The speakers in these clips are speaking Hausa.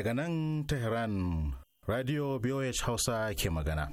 daga nan tehran radio bih hausa ke magana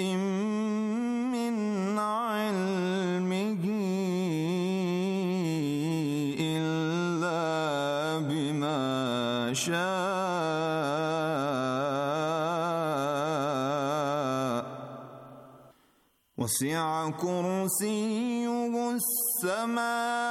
وسع كرسيه السماوات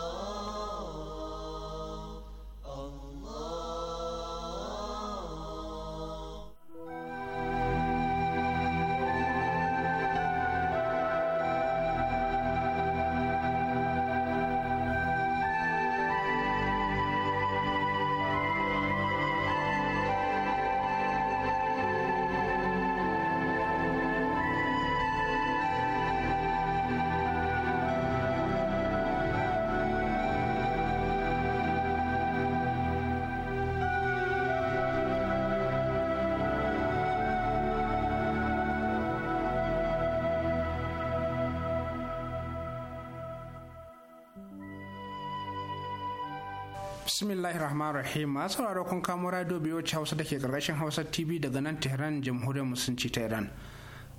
bismillahi rahman rahim masu sauraro kun kamo radio biyu wacce hausa da ke karkashin hausa tv daga nan tehran jamhuriyar musulunci ta iran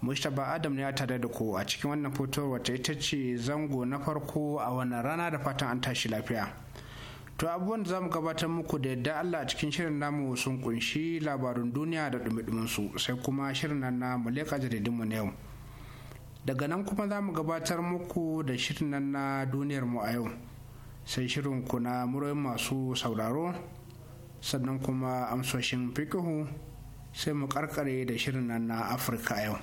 mustapha adam ne ya tare da ku a cikin wannan fitowar wata ita ce zango na farko a wannan rana da fatan an tashi lafiya to abubuwan da zamu gabatar muku da yadda allah a cikin shirin namu sun kunshi labarun duniya da dumi su sai kuma shirin nan na muleka jaridinmu mu yau daga nan kuma zamu gabatar muku da shirin nan na duniyar mu a yau sai shirin kuna murai masu sauraro sannan kuma amsoshin fikihu sai mu karkare da shirin nan na afirka yau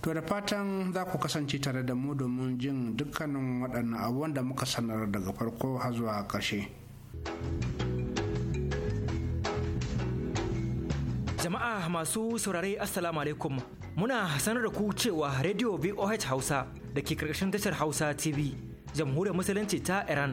to da fatan za ku kasance tare da mu domin jin dukkanin waɗannan abubuwan da muka sanar daga farko har zuwa ƙarshe jama'a masu saurare assalamu alaikum muna sanar da ku cewa radio voh hausa da ke karkashin tashar hausa tv jamhuriyar musulunci ta iran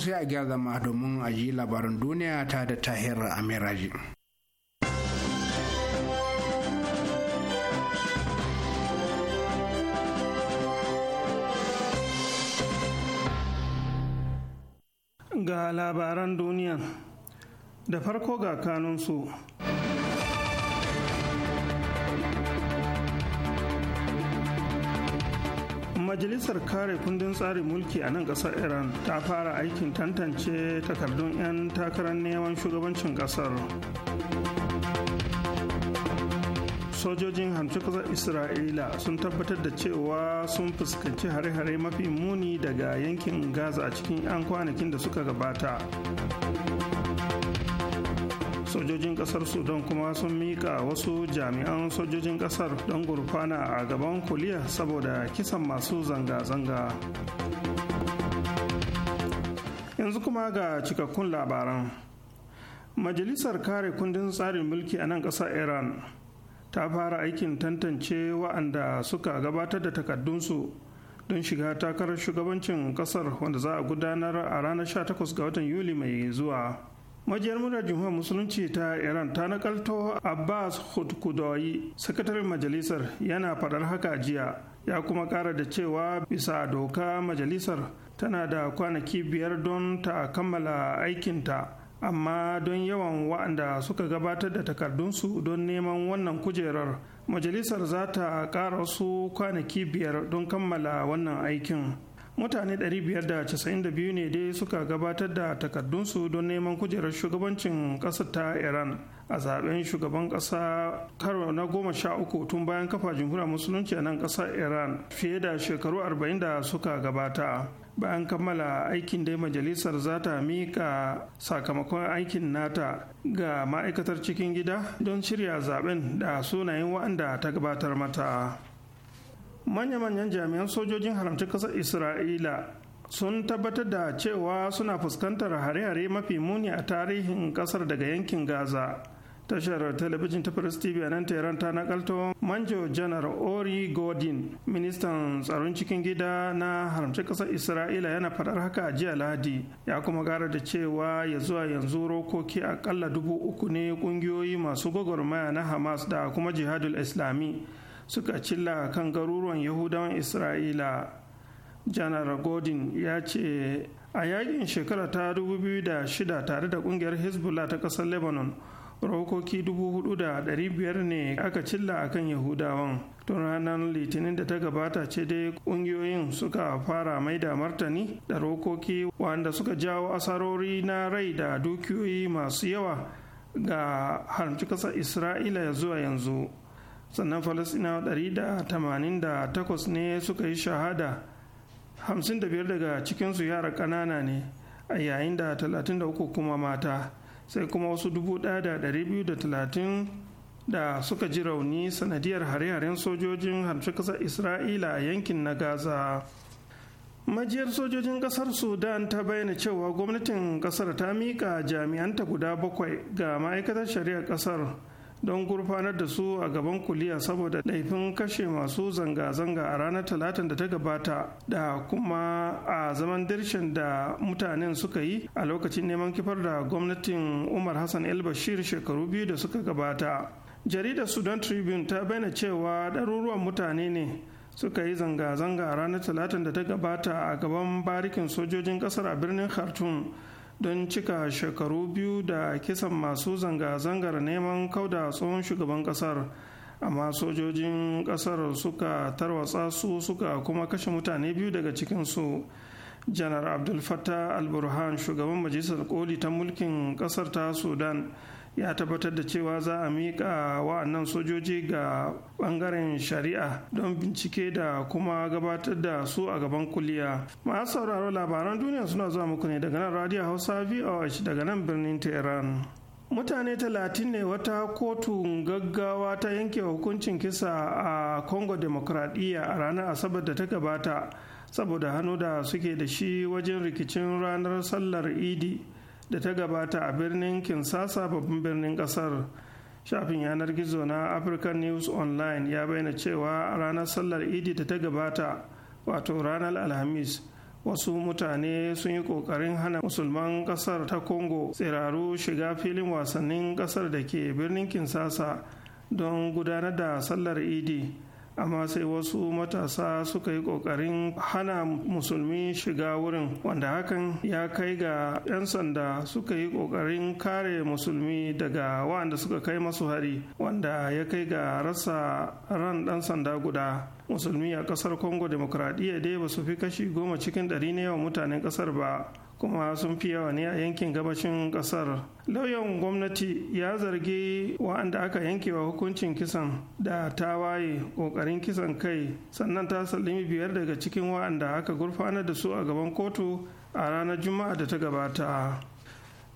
sai a gyara zama domin a ji labarin duniya ta da tahir amiraji ga labaran duniya da farko ga kanunsu majalisar kare kundin tsarin mulki a nan kasar iran ta fara aikin tantance takardun 'yan takarar neman shugabancin kasar sojojin hamsin kasar isra'ila sun tabbatar da cewa sun fuskanci hare-hare mafi muni daga yankin gaza a cikin 'yan kwanakin da suka gabata sojojin kasar sudan kuma sun mika wasu jami'an sojojin kasar don gurfana a gaban kuliya saboda kisan masu zanga-zanga yanzu kuma ga cikakkun labaran majalisar kare kundin tsarin mulki a nan kasar iran ta fara aikin tantance wa'anda suka gabatar da takaddunsu don shiga takarar shugabancin kasar wanda za a gudanar a ranar 18 ga watan yuli mai zuwa majiyar murar jihuwar musulunci ta iran ta nakalto abbas hudkudoyi sakataren majalisar yana faɗar haka jiya ya kuma ƙara da cewa bisa doka majalisar tana da kwanaki biyar don ta kammala aikinta amma don yawan waɗanda suka gabatar da takardunsu don neman wannan kujerar majalisar za ta ƙara su kwanaki biyar don kammala wannan aikin. mutane 592 ne dai suka gabatar da takardunsu don neman kujerar shugabancin ƙasar ta iran a zaben shugaban ƙasa karo na goma sha uku tun bayan kafa jimhuriyar musulunci a nan ƙasar iran fiye da shekaru 40 da suka gabata bayan kammala aikin dai majalisar za ta miƙa sakamakon aikin nata ga ma'aikatar cikin gida don shirya zaben da sunayen wa'anda ta gabatar mata manya-manyan jami'an sojojin haramci ƙasar isra'ila sun tabbatar da cewa suna fuskantar hare-hare mafi muni a tarihin ƙasar daga yankin gaza tashar talabijin ta first tv nan tehran ta nakalto manjo janar ori godin ministan tsaron cikin gida na haramci ƙasar isra'ila yana faɗar haka a jiya lahadi ya kuma gara da cewa ya zuwa yanzu rokoki akalla dubu uku ne ƙungiyoyi masu gwagwarmaya na hamas da kuma jihadul islami suka cilla kan garuruwan yahudawan isra'ila janar godin ya ce a yakin shekara ta 2006 tare da kungiyar hezbollah ta kasar lebanon rokoki 4,500 ne aka cilla a kan yahudawan tun ranar litinin da ta gabata ce dai kungiyoyin suka fara mai da martani da rokoki wanda suka jawo asarori na rai da dukiyoyi masu yawa ga harci kasar isra'ila zuwa yanzu sannan falasina 188 ne suka yi shahada 55 daga cikinsu yara ƙanana ne a yayin da 33 kuma mata sai kuma wasu 1230 da suka ji rauni sanadiyar hare-haren sojojin harshe ƙasar isra'ila a yankin na gaza majiyar sojojin kasar sudan ta bayyana cewa gwamnatin kasar ta miƙa jami'anta guda bakwai ga ma'aikatar shari'ar kasar don gurfanar da su a gaban kuliya saboda laifin kashe masu zanga-zanga a ranar talatin da ta gabata da kuma a zaman dirshin da mutanen suka yi a lokacin neman kifar da gwamnatin umar hassan el bashir shekaru biyu da suka gabata jaridar sudan tribune ta bayyana cewa ɗaruruwan mutane ne suka yi zanga-zanga a ranar talatin da ta gabata a gaban barikin sojojin ƙasar a birnin khartoum don cika shekaru biyu da kisan masu zanga-zangar neman kauda tsohon shugaban kasar amma sojojin kasar suka tarwatsa su suka kuma kashe mutane biyu daga cikinsu janar abdulfatta alburhan shugaban majalisar koli ta mulkin kasar ta sudan ya tabbatar da cewa za a miƙa wa'annan sojoji ga bangaren shari'a don bincike da kuma gabatar da su a gaban kuliya masu sauraro labaran duniya suna zuwa muku ne daga nan radio hausa voh daga nan birnin tehran mutane talatin ne wata kotun gaggawa ta yanke hukuncin kisa a congo demokradiyya a ranar asabar da ta gabata saboda hannu da suke da shi wajen rikicin ranar sallar idi da ta gabata a birnin Kinsasa babban birnin kasar. Shafin yanar gizo na African News Online ya bayyana cewa ranar sallar Idi da ta gabata wato ranar Alhamis wasu mutane sun yi kokarin hana musulman kasar ta Congo tsiraru shiga filin wasannin kasar da ke birnin Kinsasa don gudanar da sallar Idi. amma sai wasu matasa suka yi kokarin hana musulmi shiga wurin wanda hakan ya kai ga 'yan sanda suka yi kokarin kare musulmi daga waɗanda suka kai masu hari wanda ya kai ga rasa ran ɗan sanda guda musulmi a ƙasar congo demokradiyya dai ba su fi kashi goma cikin ɗari na yawan mutanen ƙasar ba kuma sun fi yawa ne a yankin gabashin kasar lauyan gwamnati ya zargi wa'anda aka yankewa hukuncin kisan da ta waye kokarin kisan kai sannan ta sallimi biyar daga cikin wa'anda aka gurfanar da su a gaban kotu a ranar juma'a da ta gabata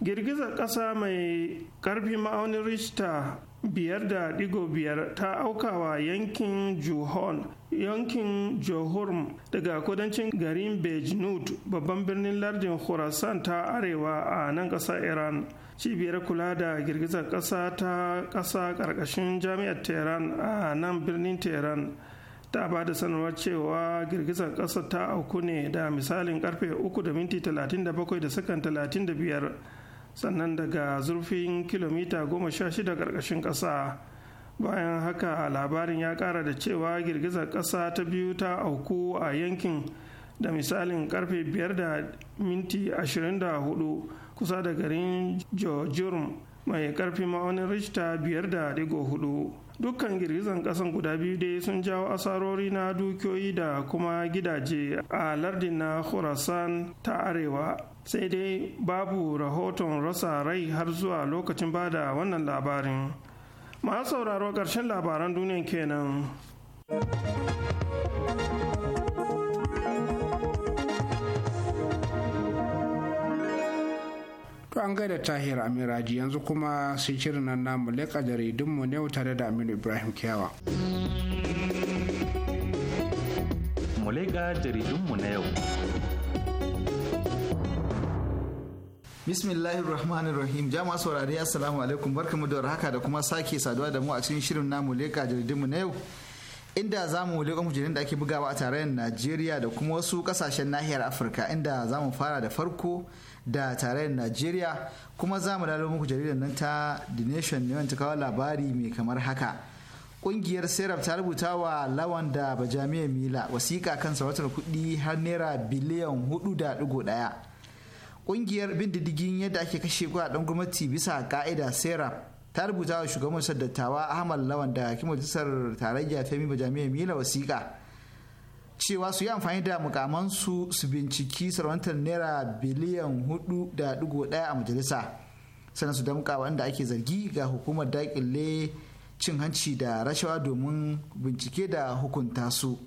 girgizar ƙasa mai ƙarfi ma'aunin richter biyar da digo biyar ta aukawa yankin johor yankin johorm daga kudancin garin bejnud babban birnin lardin khorasan ta arewa a nan ƙasar iran cibiyar kula da girgizar ƙasa ta ƙasa ƙarƙashin jami'ar tehran a nan birnin tehran ta ba da sanarwar cewa girgizar ƙasa ta auku ne da misalin karfe 3 da minti 37 da sakan 35 sannan daga zurfin kilomita goma sha shida ƙarƙashin ƙasa bayan haka labarin ya ƙara da cewa girgizar ƙasa ta biyu ta auku a yankin da misalin karfe 5 da minti 24 kusa da garin jojurum mai karfi ma'aunin rishta biyar da digo hudu dukkan girgizan kasan guda biyu dai sun jawo asarori na dukiyoyi da kuma gidaje a lardin na khurasan ta arewa sai dai babu rahoton rasa rai har zuwa lokacin bada wannan labarin masu sauraro ƙarshen labaran duniya kenan to an gaida tahir amiraji yanzu kuma sai shirin nan namu jaridunmu ne tare da aminu ibrahim kyawa mu leƙa jaridunmu na yau bismillahir rahmanir rahim jama'a saurari assalamu alaikum barkamu da warhaka da kuma sake saduwa da mu a cikin shirin namu leka mu na yau inda za mu leƙa mujalin da ake bugawa a tarayyar najeriya da kuma wasu kasashen nahiyar afirka inda za mu fara da farko da tarayyar najeriya kuma za mu dalo muku jaridar nan ta the nation ne ta kawo labari mai kamar haka ƙungiyar serap ta rubuta wa lawan da bajamiya mila wasiƙa kan sarautar kuɗi har naira biliyan hudu da ɗigo ɗaya Ƙungiyar bin diddigin yadda ake kashe kudaden gwamnati bisa ka'ida sera ta rubuta wa shugaban dattawa Ahmad Lawan da hakim majalisar tarayya ta mi Bajamiya Mila wasiƙa cewa su yi amfani da mukamansu su binciki sarwantar naira biliyan huɗu da digo ɗaya a majalisa sannan su damka wanda ake zargi ga hukumar daƙile cin hanci da rashawa domin bincike da hukunta su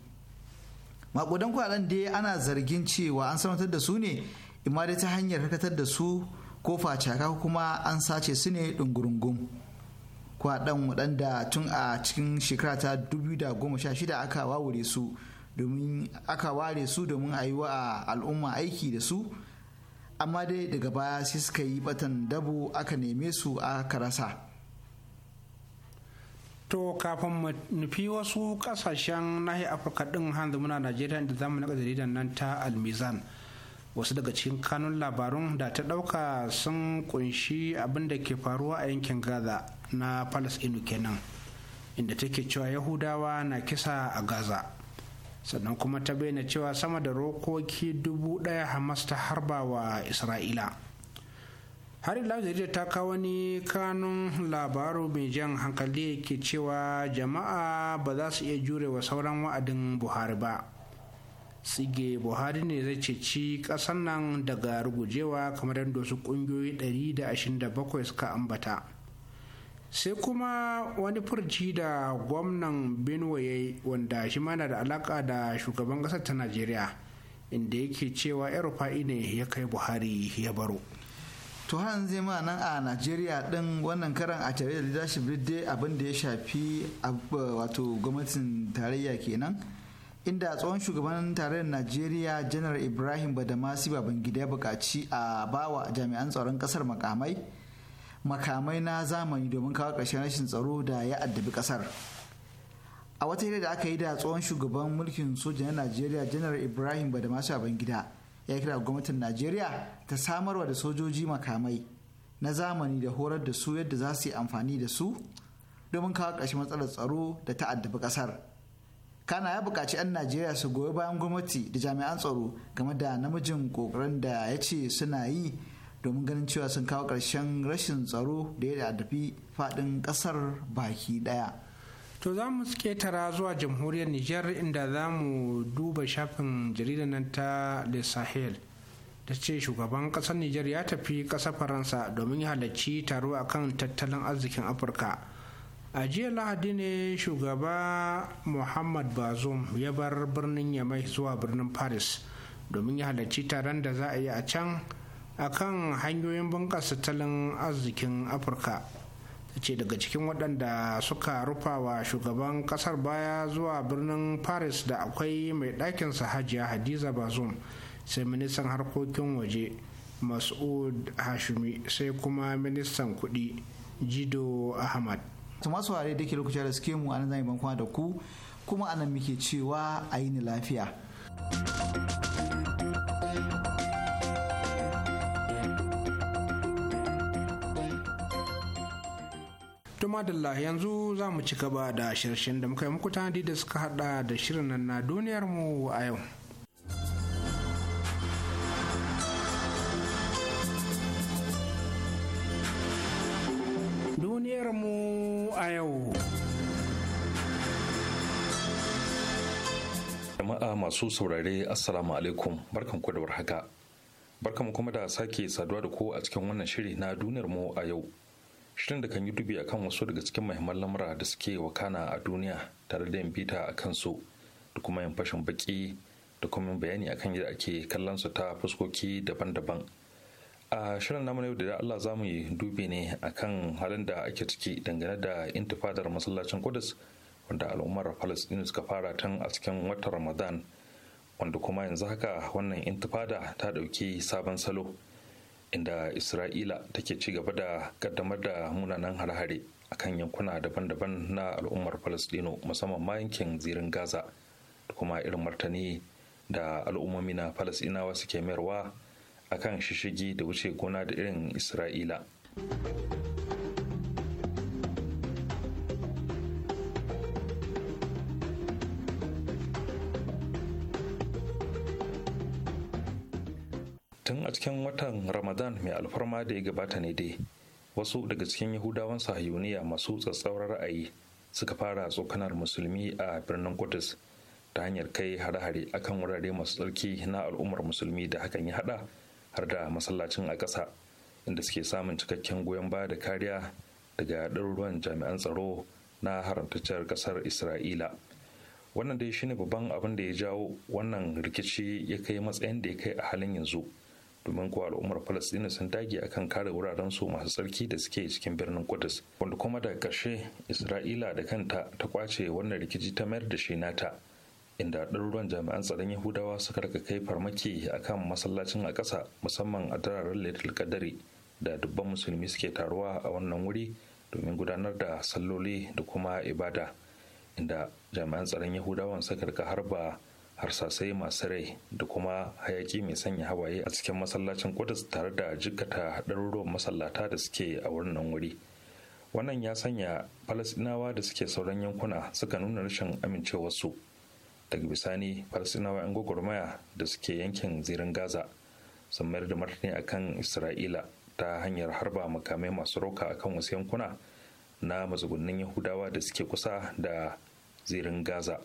maƙudan kwaɗan dai ana zargin cewa an sarwantar da su ne imma dai ta hanyar karkatar da su ko facaka kuma an sace su ne ɗungurungun kuwa dan waɗanda tun a cikin shekara ta 2016 aka ware su domin aka ware su domin a yi wa al'umma aiki da su amma dai daga baya sai suka yi batan dabo aka neme su a karasa. to kafin mu nufi wasu kasashen nahiyar afirka din hanzu muna najeriya da zamu na jaridar nan ta almizan wasu daga cikin kanun labarun da ta ɗauka sun kunshi abin da ke faruwa a yankin gaza na palestine kenan inda take cewa yahudawa na kisa a gaza sannan kuma ta bayyana cewa sama da rokoki dubu ɗaya hamas ta harba wa isra'ila har ila jarida ta kawo wani kanun labaru mai jan hankali ke cewa jama'a ba za su iya jure wa sauran wa'adin buhari ba tsige buhari ne zai ceci kasan nan daga rugujewa kamar yadda wasu kungiyoyi 127 suka ambata sai kuma wani furci da gwamnan benue wanda shi mana da alaka da shugaban ƙasar ta najeriya inda yake cewa rufa'i ne ya kai buhari ya baro to han zai ma nan a nigeria din wannan karan a tare da leadership abin da ya shafi wato gwamnatin tarayya kenan inda tsohon shugaban tarayyar najeriya janar ibrahim badamasi babangida ya buƙaci a bawa jami'an tsaron ƙasar makamai makamai na zamani domin kawo ƙarshen rashin tsaro da ya addabi ƙasar a wata hira da aka yi da tsohon shugaban mulkin soja na najeriya janar ibrahim badamasi babangida ya kira gwamnatin najeriya ta samarwa da sojoji makamai na zamani da horar da su yadda za su yi amfani da su domin kawo ƙarshen matsalar tsaro da ta addabi ƙasar kana ya bukaci 'yan najeriya su goyi bayan gwamnati da jami'an tsaro game da namijin ƙoƙarin da ya ce suna yi domin ganin cewa sun kawo ƙarshen rashin tsaro da ya addabi faɗin ƙasar baki ɗaya. to za mu ketara zuwa jamhuriyar niger inda za mu duba shafin jaridar nan ta le sahel ta ce shugaban ƙasar niger ya tafi ƙasar faransa domin ya halarci taro akan tattalin arzikin afirka a jiya lahadi ne shugaba muhammad bazoum ya bar birnin yamai zuwa birnin paris domin ya halarci taron da za a yi a can a kan hanyoyin bunƙasa talin arzikin afirka ta ce daga cikin waɗanda suka rufa wa shugaban ƙasar baya zuwa birnin paris da akwai mai sa hajiya hadiza bazoum sai ministan harkokin waje mas'ud hashimi sai kuma ministan kuɗi jido ahmad to masu ware da ke lokacin da suke mu anan zan yi da ku kuma anan muke cewa a yi ni lafiya. lahi yanzu za mu ci gaba da shirshin da muka yi muku tanadi da suka hada da shirin nan na duniyar a yau. Duniyar mu a yau. Jama'a masu saurare Assalamu alaikum barkan ku da warhaka. Barkan kuma da sake saduwa da ku a cikin wannan shiri na duniyar mu a yau. Shirin da kan yi dubi akan wasu daga cikin muhimman lamura da suke wakana a duniya tare da yin bita a kansu da kuma yin fashin baki da kuma bayani akan yadda ake kallon su ta fuskoki daban-daban. a shirin namu yau da Allah za mu yi dubi ne akan halin da ake ciki dangane da intifadar masallacin Kudus wanda al'ummar palestine suka fara tun a cikin watan Ramadan wanda kuma yanzu haka wannan intifada ta ɗauki sabon salo inda Isra'ila take ci gaba da kaddamar da munanan hare-hare kan yankuna daban-daban na al'ummar Falasɗinu musamman ma yankin zirin Gaza da kuma irin martani da al'ummomi na Falasɗinawa suke mayarwa akan shishigi da wuce gona da irin isra'ila tun a cikin watan ramadan mai alfarma da ya gabata ne dai wasu daga cikin yahudawan sahiyuniya masu tsatsauran ra'ayi suka fara tsokanar musulmi a birnin kudus ta hanyar kai hare-hare akan wurare masu tsarki na al'ummar musulmi da hakan ya hada har da masallacin a ƙasa inda suke samun cikakken goyon baya da kariya daga ɗaruruwan jami'an tsaro na haramtacciyar ƙasar isra'ila wannan dai shine babban abin da ya jawo wannan rikici ya kai matsayin da ya kai a halin yanzu domin kuwa al'ummar falastinu sun dage akan kare wuraren su masu tsarki da suke cikin birnin kudus wanda kuma daga ƙarshe isra'ila da kanta ta kwace wannan rikici ta mayar da shi nata inda ɗaruruwan jami'an tsaron yahudawa suka rika kai farmaki a kan masallacin a ƙasa musamman a dararen laitul kadari da dubban musulmi suke taruwa a wannan wuri domin gudanar da salloli da kuma ibada inda jami'an tsaron yahudawan suka rika harba harsasai masu rai da kuma hayaki mai sanya hawaye a cikin masallacin kudus tare da jikata ɗaruruwan masallata da suke a wannan wuri wannan ya sanya falasinawa da suke sauran yankuna suka nuna rashin amincewarsu daga bisani farsinawa 'yan gwagwarmaya da suke yankin zirin gaza sun mayar da martani akan isra'ila ta hanyar harba makamai masu roka akan wasu yankuna na matsugunnin yahudawa da suke kusa da zirin gaza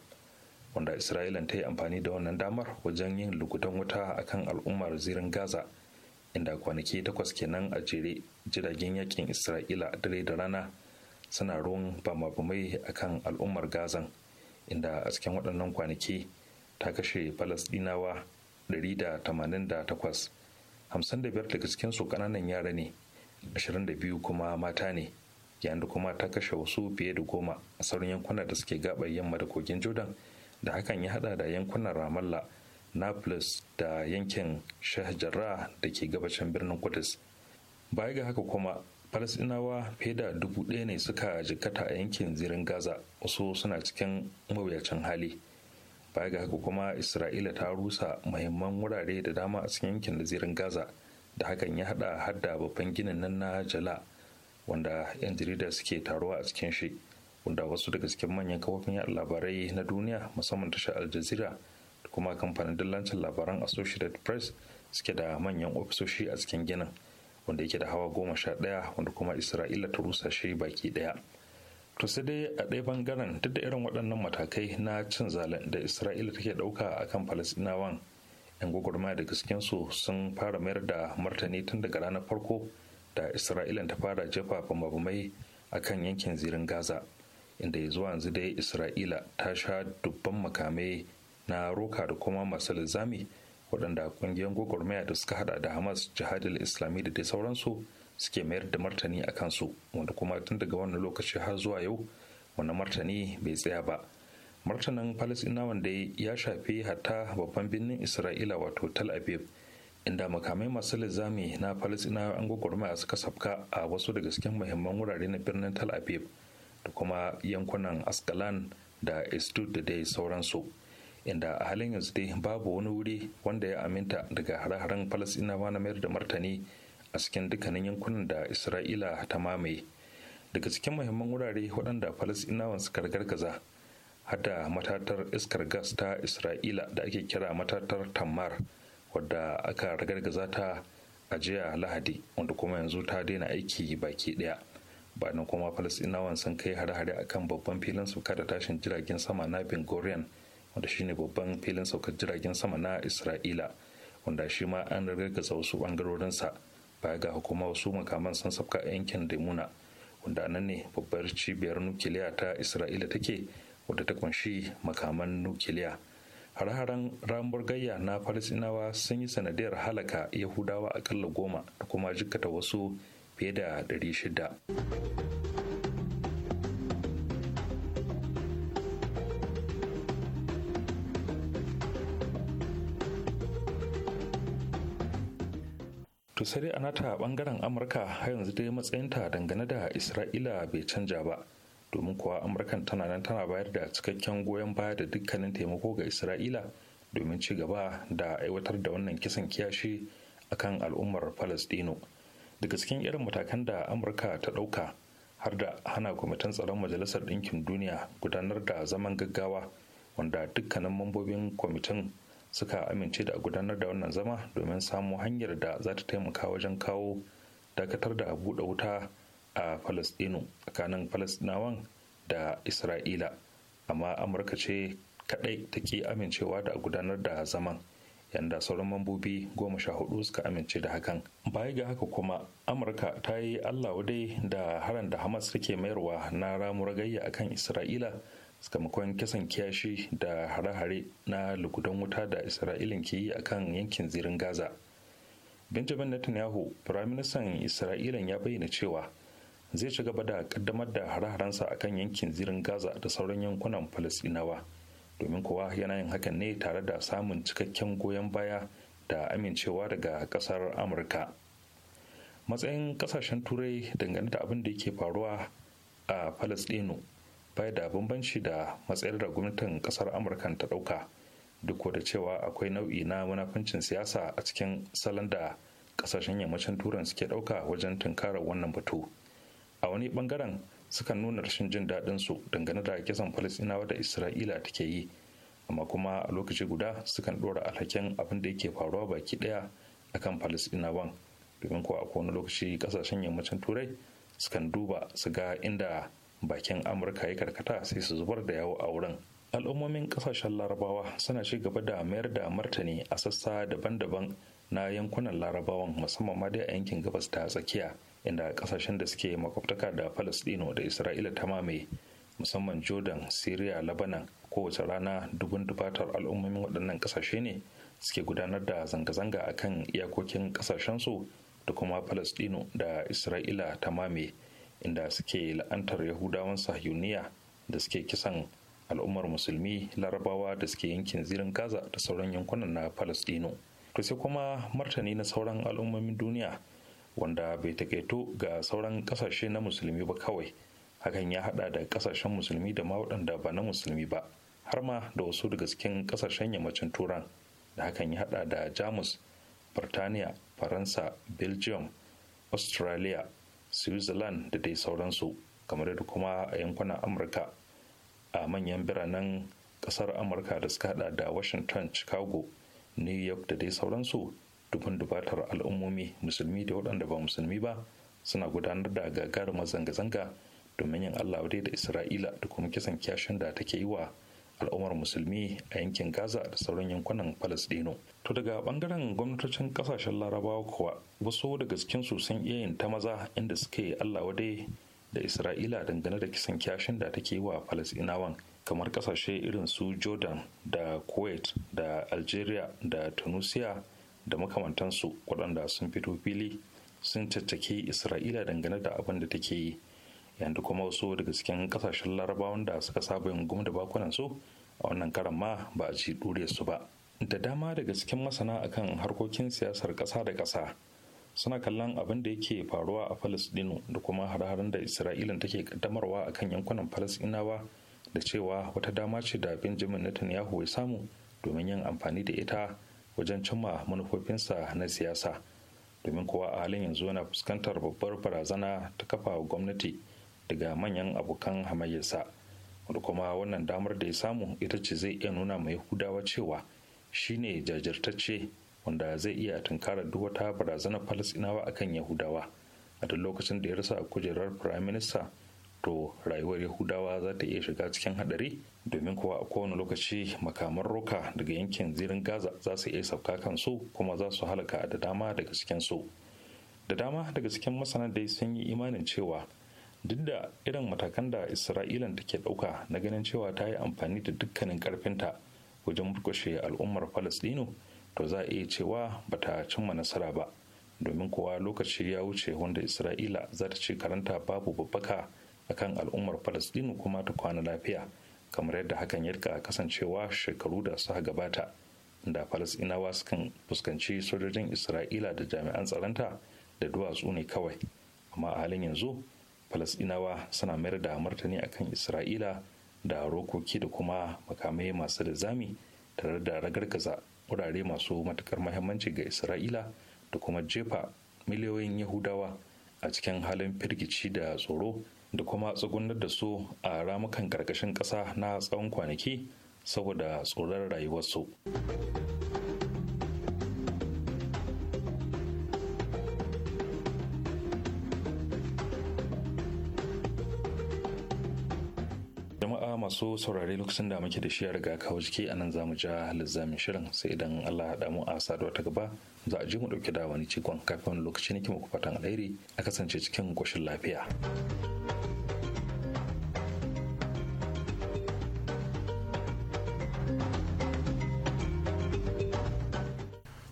wanda isra'ila ta yi amfani da wannan damar wajen yin lugudan wuta akan al'ummar zirin gaza inda kwanaki takwas kenan a jere jiragen yakin isra'ila dare da rana suna ruwan bamabamai akan al'ummar gazan inda a cikin waɗannan kwanaki ta kashe falasɗinawa 188 biyar daga cikinsu ƙananan yara ne 22 kuma mata ne yayin da kuma ta kashe wasu fiye da goma a sauran yankunan da suke gaɓar yamma da kogin jordan da hakan ya hada da yankunan ramallah Naples da yankin Sheikh da ke gabashin birnin Kudus. Baya ga haka kuma Falasɗinawa fiye da dubu ɗaya ne suka jikkata a yankin zirin Gaza wasu suna cikin mawuyacin hali baya ga haka kuma isra'ila ta rusa muhimman wurare da dama a cikin yankin da zirin gaza da hakan ya hada hadda babban ginin nan na jala wanda 'yan jarida suke taruwa a cikin shi wanda wasu daga cikin manyan kafofin yaɗa labarai na duniya musamman tashar al jazeera da kuma kamfanin dillancin labaran associated press suke da manyan ofisoshi a cikin ginin wanda yake da hawa goma sha ɗaya wanda kuma isra'ila ta rusa shi baki ɗaya to sai dai a ɗaya bangaren duk da irin waɗannan matakai na cin zalin da isra'ila take ɗauka a kan falasinawan yan gwagwarmaya da gaskensu sun fara mayar da martani tun daga ranar farko da isra'ilan ta fara jefa bambamai a kan yankin zirin gaza inda ya zuwa yanzu dai isra'ila ta sha dubban makamai na roka da kuma masu linzami waɗanda ƙungiyar gwagwarmaya da suka hada da hamas jihadil islami da dai sauransu suke mayar da martani a kansu wanda kuma tun daga wannan lokaci har zuwa yau wani martani bai tsaya ba martanin falasinawan da ya shafi hatta babban birnin isra'ila wato Tal aviv inda makamai masu lizami na Falasina an gwagwarmaya suka sabka a wasu daga cikin muhimman wurare na birnin tel aviv da kuma yankunan askalan da istud da dai sauransu inda a halin yanzu dai babu wani wuri wanda ya aminta daga hare-haren falasinawa na mayar da martani a cikin dukkanin yankunan da isra'ila ta mamaye daga cikin muhimman wurare waɗanda falasinawan suka gargaza hada matatar iskar gas ta isra'ila da ake kira matatar tamar wadda aka ragargaza ta a jiya lahadi wanda kuma yanzu ta daina aiki baki ɗaya bayan kuma falasinawan sun kai hare-hare akan babban filin sauka da tashin jiragen sama na ben gurion wanda shine babban filin saukar jiragen sama na isra'ila wanda shi ma an ragargaza wasu ɓangarorinsa baya ga hukuma wasu makaman sun sabka a yankin daimuna wanda nan ne babbar cibiyar nukiliya ta isra'ila take wadda ta kunshi makaman nukiliya har-haren ramar gayya na falasinawa sun yi sanadiyar halaka yahudawa akalla goma da kuma jikata wasu fiye da 600 to sai dai a ɓangaren bangaren amurka har yanzu dai matsayinta dangane da isra'ila bai canja ba domin kuwa amurkan tana nan tana bayar da cikakken goyon baya da dukkanin taimako ga isra'ila domin ci gaba da aiwatar da wannan kisan kiyashi kan al'ummar palestino daga cikin irin matakan da amurka ta ɗauka har da hana kwamitin tsaron majalisar ɗinkin duniya gudanar da zaman gaggawa wanda dukkanin mambobin kwamitin suka amince da gudanar da wannan zama domin samu hanyar da za ta taimaka wajen kawo dakatar da buɗe wuta a Falasɗinu tsakanin falastinawan da isra'ila amma amurka ce kadai ta ke amincewa da gudanar da zaman yadda sauran mambobi goma sha hudu suka amince da hakan baya ga haka kuma amurka ta yi allah wadai da haran da hamas take mayarwa na ramu ragayya akan isra'ila sakamakon kisan kiyashi da hare-hare na lugudan wuta da isra'ilin ke yi akan yankin zirin gaza benjamin netanyahu firaministan isra'ilan ya bayyana cewa zai ci gaba da kaddamar da hare-harensa akan yankin zirin gaza da sauran yankunan falasinawa domin kowa yana yin hakan ne tare da samun cikakken goyon baya da amincewa daga kasar amurka matsayin kasashen turai dangane da abin da yake faruwa a falasdino bai da bambanci da matsayar da gwamnatin kasar amurka ta dauka duk da cewa akwai nau'i na munafincin siyasa a cikin salon da kasashen yammacin turan suke dauka wajen tunkarar wannan batu a wani bangaren sukan nuna rashin jin daɗin su dangane da kisan falastinawa da isra'ila take yi amma kuma a lokaci guda sukan ɗora alhakin abin da yake faruwa baki ɗaya akan falastinawan domin kuwa a kowane lokaci kasashen yammacin turai sukan duba su ga inda bakin amurka ya karkata sai su zubar da yawo a wurin al'ummomin kasashen larabawa suna ci gaba da mayar da martani a sassa daban-daban na yankunan larabawan musamman ma dai a yankin gabas ta tsakiya inda kasashen da suke makwabtaka da palestino da isra'ila ta mame musamman jordan syria labanan kowace rana dubun dubatar al'ummomin waɗannan kasashe ne suke gudanar da zanga-zanga akan iyakokin kasashensu da kuma palestino da isra'ila ta mame. inda suke la'antar yahudawan sahiyuniya da suke kisan al'ummar musulmi larabawa da suke yankin zirin gaza da sauran yankunan na palestino to sai kuma martani na sauran al'ummomin duniya wanda bai takaito ga sauran kasashe na musulmi ba kawai hakan ya hada da ƙasashen musulmi da ma waɗanda ba na musulmi ba har ma da wasu daga cikin ƙasashen yammacin turan da hakan ya hada da jamus birtaniya faransa belgium australia switzerland da dai sauransu kamar da kuma a yankunan amurka a manyan biranen kasar amurka da suka hada da washington chicago new york da dai sauransu dubin dubatar al'ummomi musulmi da waɗanda ba musulmi ba suna gudanar da gagarumar zanga-zanga domin yin allah da isra'ila da kuma kisan kyashin da take yi wa al'ummar musulmi a yankin gaza da sauran yankunan palestino to daga bangaren gwamnatocin kasashen larabawa kuwa wasu daga cikinsu sun iya yin ta maza inda suke allah wadai da isra'ila dangane da kisan kyashin da take yi wa falasinawan kamar kasashe irin su jordan da kuwait da algeria da tunisia da makamantansu waɗanda sun fito fili sun caccake isra'ila dangane da abin da take yi yanda kuma wasu daga cikin kasashen larabawan da suka saba yin da bakunan su a wannan karan ma ba a ci ɗure su ba da dama daga cikin masana akan harkokin siyasar ƙasa da ƙasa suna kallon abin da yake faruwa a falasdino da kuma har-haren da isra'ilan take kaddamarwa a kan yankunan falasdinawa da cewa wata dama ce da benjamin netanyahu ya samu domin yin amfani da ita wajen cimma manufofinsa na siyasa domin kowa a halin yanzu yana fuskantar babbar barazana ta kafa gwamnati daga manyan abokan hamayyarsa da kuma wannan damar da ya samu ita ce zai iya nuna mai hudawa cewa shine jajirtacce wanda zai iya tunkarar duk wata barazanar falasinawa akan yahudawa a duk lokacin da ya rasa a kujerar prime minister to rayuwar yahudawa za ta iya shiga cikin hadari domin kuwa a kowane lokaci makaman roka daga yankin zirin gaza za su iya sauka kansu kuma za su halaka da dama daga cikin su da dama daga cikin masana dai sun yi imanin cewa duk da irin matakan da isra'ilan take dauka na ganin cewa ta yi amfani da dukkanin karfinta wajen murkushe al'ummar falasdino to za a iya cewa ba ta cimma nasara ba domin kuwa lokaci ya wuce wanda isra'ila za ta ce karanta babu babbaka akan al'ummar falastinu kuma ta kwana lafiya kamar yadda hakan ya kasancewa shekaru da suka gabata da Falasdinawa sukan fuskanci sojojin isra'ila da jami'an tsaronta da duwatsu ne kawai amma a halin yanzu Falasdinawa suna mayar da martani akan isra'ila da rokoki da kuma makamai masu da tare da ragargaza wurare masu matukar mahimmanci ga isra'ila da kuma jefa miliyoyin yahudawa a cikin halin firgici da tsoro da kuma tsugunar da su a ramukan karkashin ƙasa na tsawon kwanaki saboda tsoron rayuwarsu. masu saurare lokacin da muke da shi a riga kawo jiki a nan za mu ja lizamin shirin sai idan Allah ya damu a saduwa ta gaba za a ji mu dauke da wani cikon kafin lokaci ne kuma fatan alheri a kasance cikin koshin lafiya.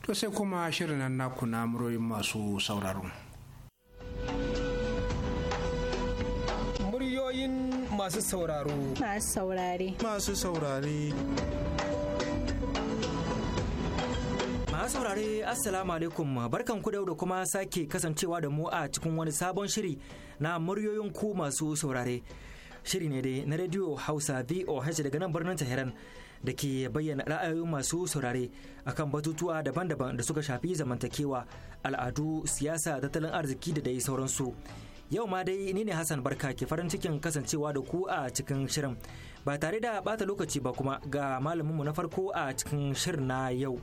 To sai kuma shirin nan naku na masu sauraro. masu sauraro masu saurare masu saurare masu saurare assalamu alaikum barkan ku da kuma sake kasancewa da mu a cikin wani sabon shiri na muryoyin ku masu saurare shiri ne dai na radio hausa voh daga nan birnin tehran da ke bayyana ra'ayoyin masu saurare akan batutuwa daban-daban da suka shafi zamantakewa al'adu siyasa tattalin arziki da dai sauransu. Yau ma dai ni ne Hassan Barka ke farin cikin kasancewa da ku a cikin shirin. Ba tare da bata lokaci ba kuma ga malaminmu na farko a cikin shirin na yau.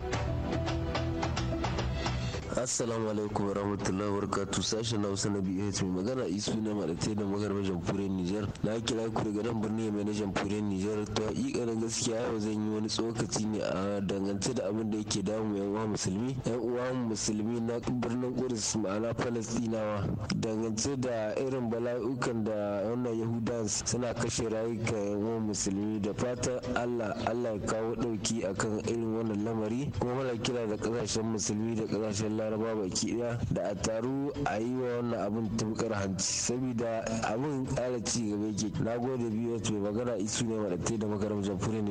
assalamu alaikum warahmatullahi wabarakatuh sashen hausa na bh mai magana isu na maɗate da magarba jamhuriyar nijar na kira ku daga nan birni mai na jamhuriyar nijar ta hakika na gaskiya yau zan yi wani tsokaci ne a dangance da abin da yake damu yan uwa musulmi yan uwa musulmi na birnin kudus ma'ana palestinawa. dangance da irin bala'ukan da wannan yahudan suna kashe rayuka yan uwa musulmi da fatan allah allah ya kawo ɗauki akan irin wannan lamari kuma mana kira da kasashen musulmi da ƙasashen laraba baki ɗaya da a taru a yi wa wannan abin tabkar hanci saboda abin kara ci gaba yake na gode biyu mai magana isu ne maɗatai da makarar jamhuriyar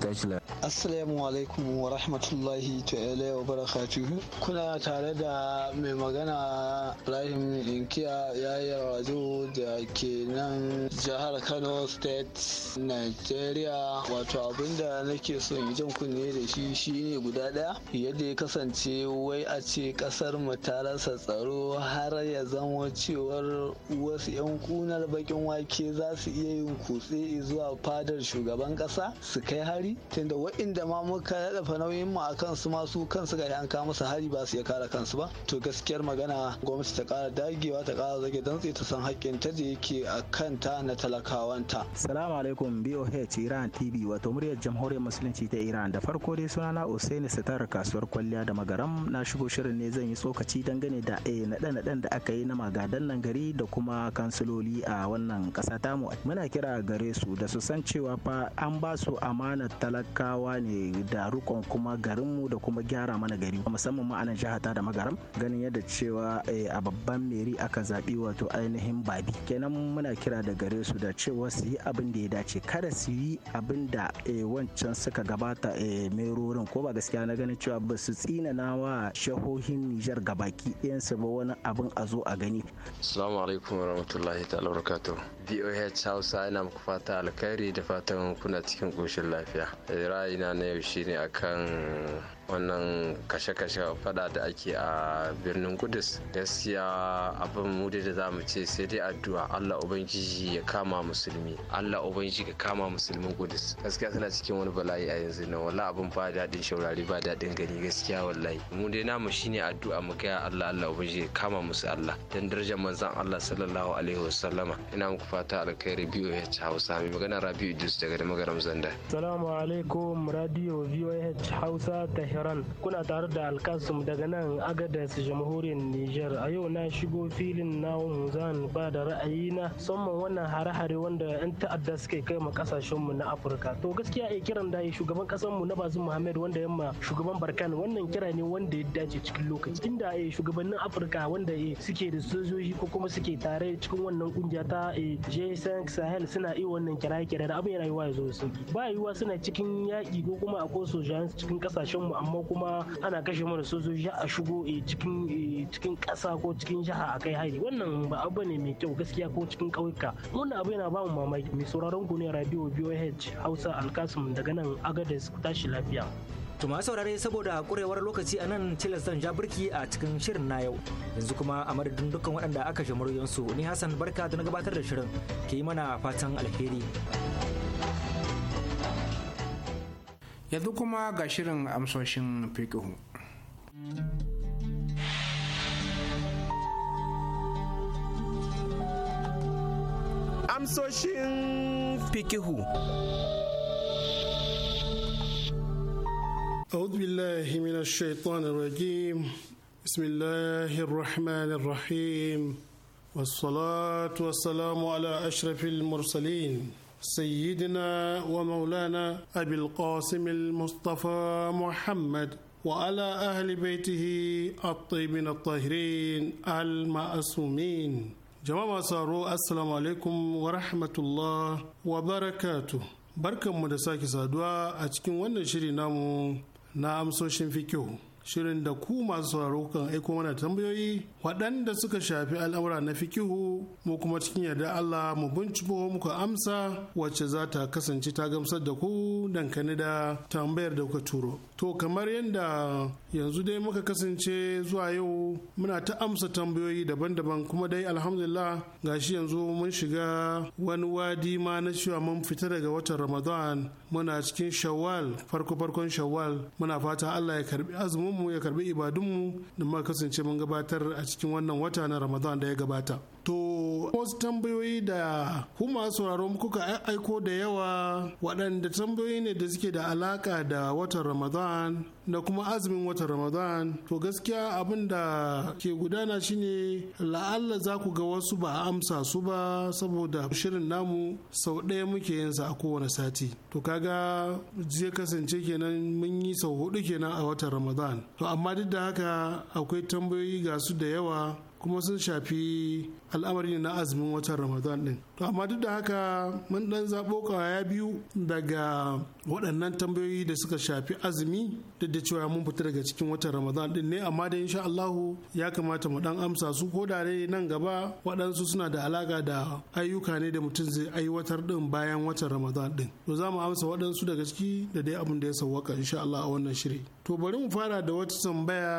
tashi Assalamu alaikum wa rahmatullahi ta'ala wa barakatuhu. Kuna tare da mai magana Ibrahim Inkiya yi wazo da ke nan jihar Kano State, Nigeria. Wato abinda nake so in jan kunne da shi shi ne guda ɗaya. Yadda ya kasance wai a ce ƙasar mu ta rasa tsaro har ya zama cewar wasu 'yan kunar bakin wake za su iya yin kutse zuwa fadar shugaban ƙasa su kai hari hari tunda wa'inda ma muka dafa nauyin mu akan su ma su kansu ga an kawo musu hari ba su ya kara kansu ba to gaskiyar magana gwamnati ta kara dagewa ta kara zage dantse ta san haƙƙin ta da yake a kanta na talakawanta salamu alaikum boh iran tv wato muryar jamhuriyar musulunci ta iran da farko dai sunana usaini sitar kasuwar kwalliya da magaram na shigo shirin ne zan yi tsokaci dangane da eh, naɗe-naɗen da aka yi na magadan nan gari da kuma kansiloli a wannan ƙasa tamu muna kira gare su da su san cewa fa an ba su amanar talakawa ne da rukon kuma garinmu da kuma gyara mana gari musamman ma anan ta da magaram ganin yadda cewa eh, a babban meri aka zaɓi wato ainihin babi kenan muna kira da gare su da cewa su yi abin da ya dace kada su yi abin da eh, wancan suka gabata eh, merorin ko ba gaskiya na ganin cewa ba su tsinana wa shahohin nijar gabaki ɗayansu ba wani abin a zo a gani assalamu alaikum warahmatullahi ta'ala barakatuh voh hausa yana muku fata alkhairi da fatan kuna cikin koshin lafiya eh, ra'ayina na yau shine akan wannan kashe-kashe fada da ake a birnin kudus gaskiya abin mu da za mu ce sai dai addu'a allah ubangiji ya kama musulmi allah ubangiji ka kama musulmin kudus gaskiya suna cikin wani bala'i a yanzu na wala abin ba daɗin shaurari ba daɗin gani gaskiya wallahi mu dai namu shine addu'a mu kai allah allah ubangiji ya kama musu allah dan darajar manzon allah sallallahu alaihi wasallama ina muku fata alkhairi biyu ya hausa mai magana rabiu idris daga da magaram zanda salamu alaikum radio voh hausa ta tehran kuna tare da alkasum daga nan agadas jamhuriyar niger a yau na shigo filin na zan ba da ra'ayi na. musamman wannan hare-hare wanda 'yan ta'adda suke kai ma kasashenmu na afirka to gaskiya a eh, kiran da shugaban kasanmu na bazin muhammad wanda yamma shugaban barkan wannan kira ne wanda ya dace cikin lokaci inda a eh, shugabannin afirka wanda eh, suke da sojoji ko kuma suke tare cikin wannan kungiya ta j5 sahel suna iya wannan kira-kira da abin rayuwa ya zo su ba yiwuwa suna cikin yaƙi ko kuma akwai sojan cikin kasashenmu amma amma kuma ana kashe mana sojoji a shigo eh, cikin eh, cikin ƙasa ko cikin jiha a kai hari wannan ba abu ne mai kyau gaskiya ko cikin ƙauyuka wannan abu yana ba mu mamaki mai sauraron ku ne radio boh hausa alkasum daga nan agadez tashi lafiya tuma saurare saboda kurewar lokaci a nan tilastan ja birki a cikin shirin na yau. Yanzu kuma a madadin dukkan waɗanda aka shi muryansu ni Hassan Barka da na gabatar da shirin ke yi mana fatan alheri. yanzu kuma ga shirin amsoshin fikihu amsoshin fikihu أعوذ بالله من الشيطان الرجيم بسم الله الرحمن الرحيم والصلاة والسلام على أشرف المرسلين سيدنا ومولانا أبي القاسم المصطفى محمد وعلى أهل بيته الطيبين الطاهرين المعصومين jama'a saro assalamu alaikum wa rahmatullah wa barakatu barkanmu da sake saduwa a cikin wannan shirin namu na amsoshin fikihu shirin da ku masu sauraro kan aiko mana tambayoyi waɗanda suka shafi al'amura na fikihu mu kuma cikin yarda Allah mu binciko muka amsa wacce za ta kasance ta gamsar da ku dankane da tambayar da kuka turo. To kamar yadda yanzu dai muka kasance zuwa yau muna ta amsa tambayoyi daban-daban kuma dai alhamdulillah gashi yanzu mun shiga wani wadi ma na cewa mun fita daga watan Ramadan muna cikin shawwal farko farkon shawwal muna fata Allah ya karbi azumin mu ya karbi ibadun mu da muka kasance mun gabatar a cikin wannan wata na Ramadan da ya gabata to wasu tambayoyi da kuma sauraro kuka aiko da yawa waɗanda tambayoyi ne da suke da alaka da watan ramadan da kuma azumin watan ramadan to gaskiya abin da ke gudana shine la'alla za ku ga wasu ba a amsa su ba saboda shirin namu sau ɗaya muke yin sa a kowane sati to kaga zai kasance kenan mun yi sau hudu kenan a watan ramadan to amma duk da haka akwai tambayoyi ga su da yawa kuma sun shafi al'amari na azumin watan ramadan din to amma duk da haka mun dan zabo ya biyu daga waɗannan tambayoyi da suka shafi azumi duk da cewa mun fita daga cikin watan ramadan din ne amma da insha Allah ya kamata mu dan amsa su ko da dai nan gaba waɗansu suna da alaka da ayyuka ne da mutum zai aiwatar din bayan watan ramadan din to za mu amsa waɗansu daga ciki da dai abin da ya sawwaka insha Allah a wannan shiri to bari mu fara da wata tambaya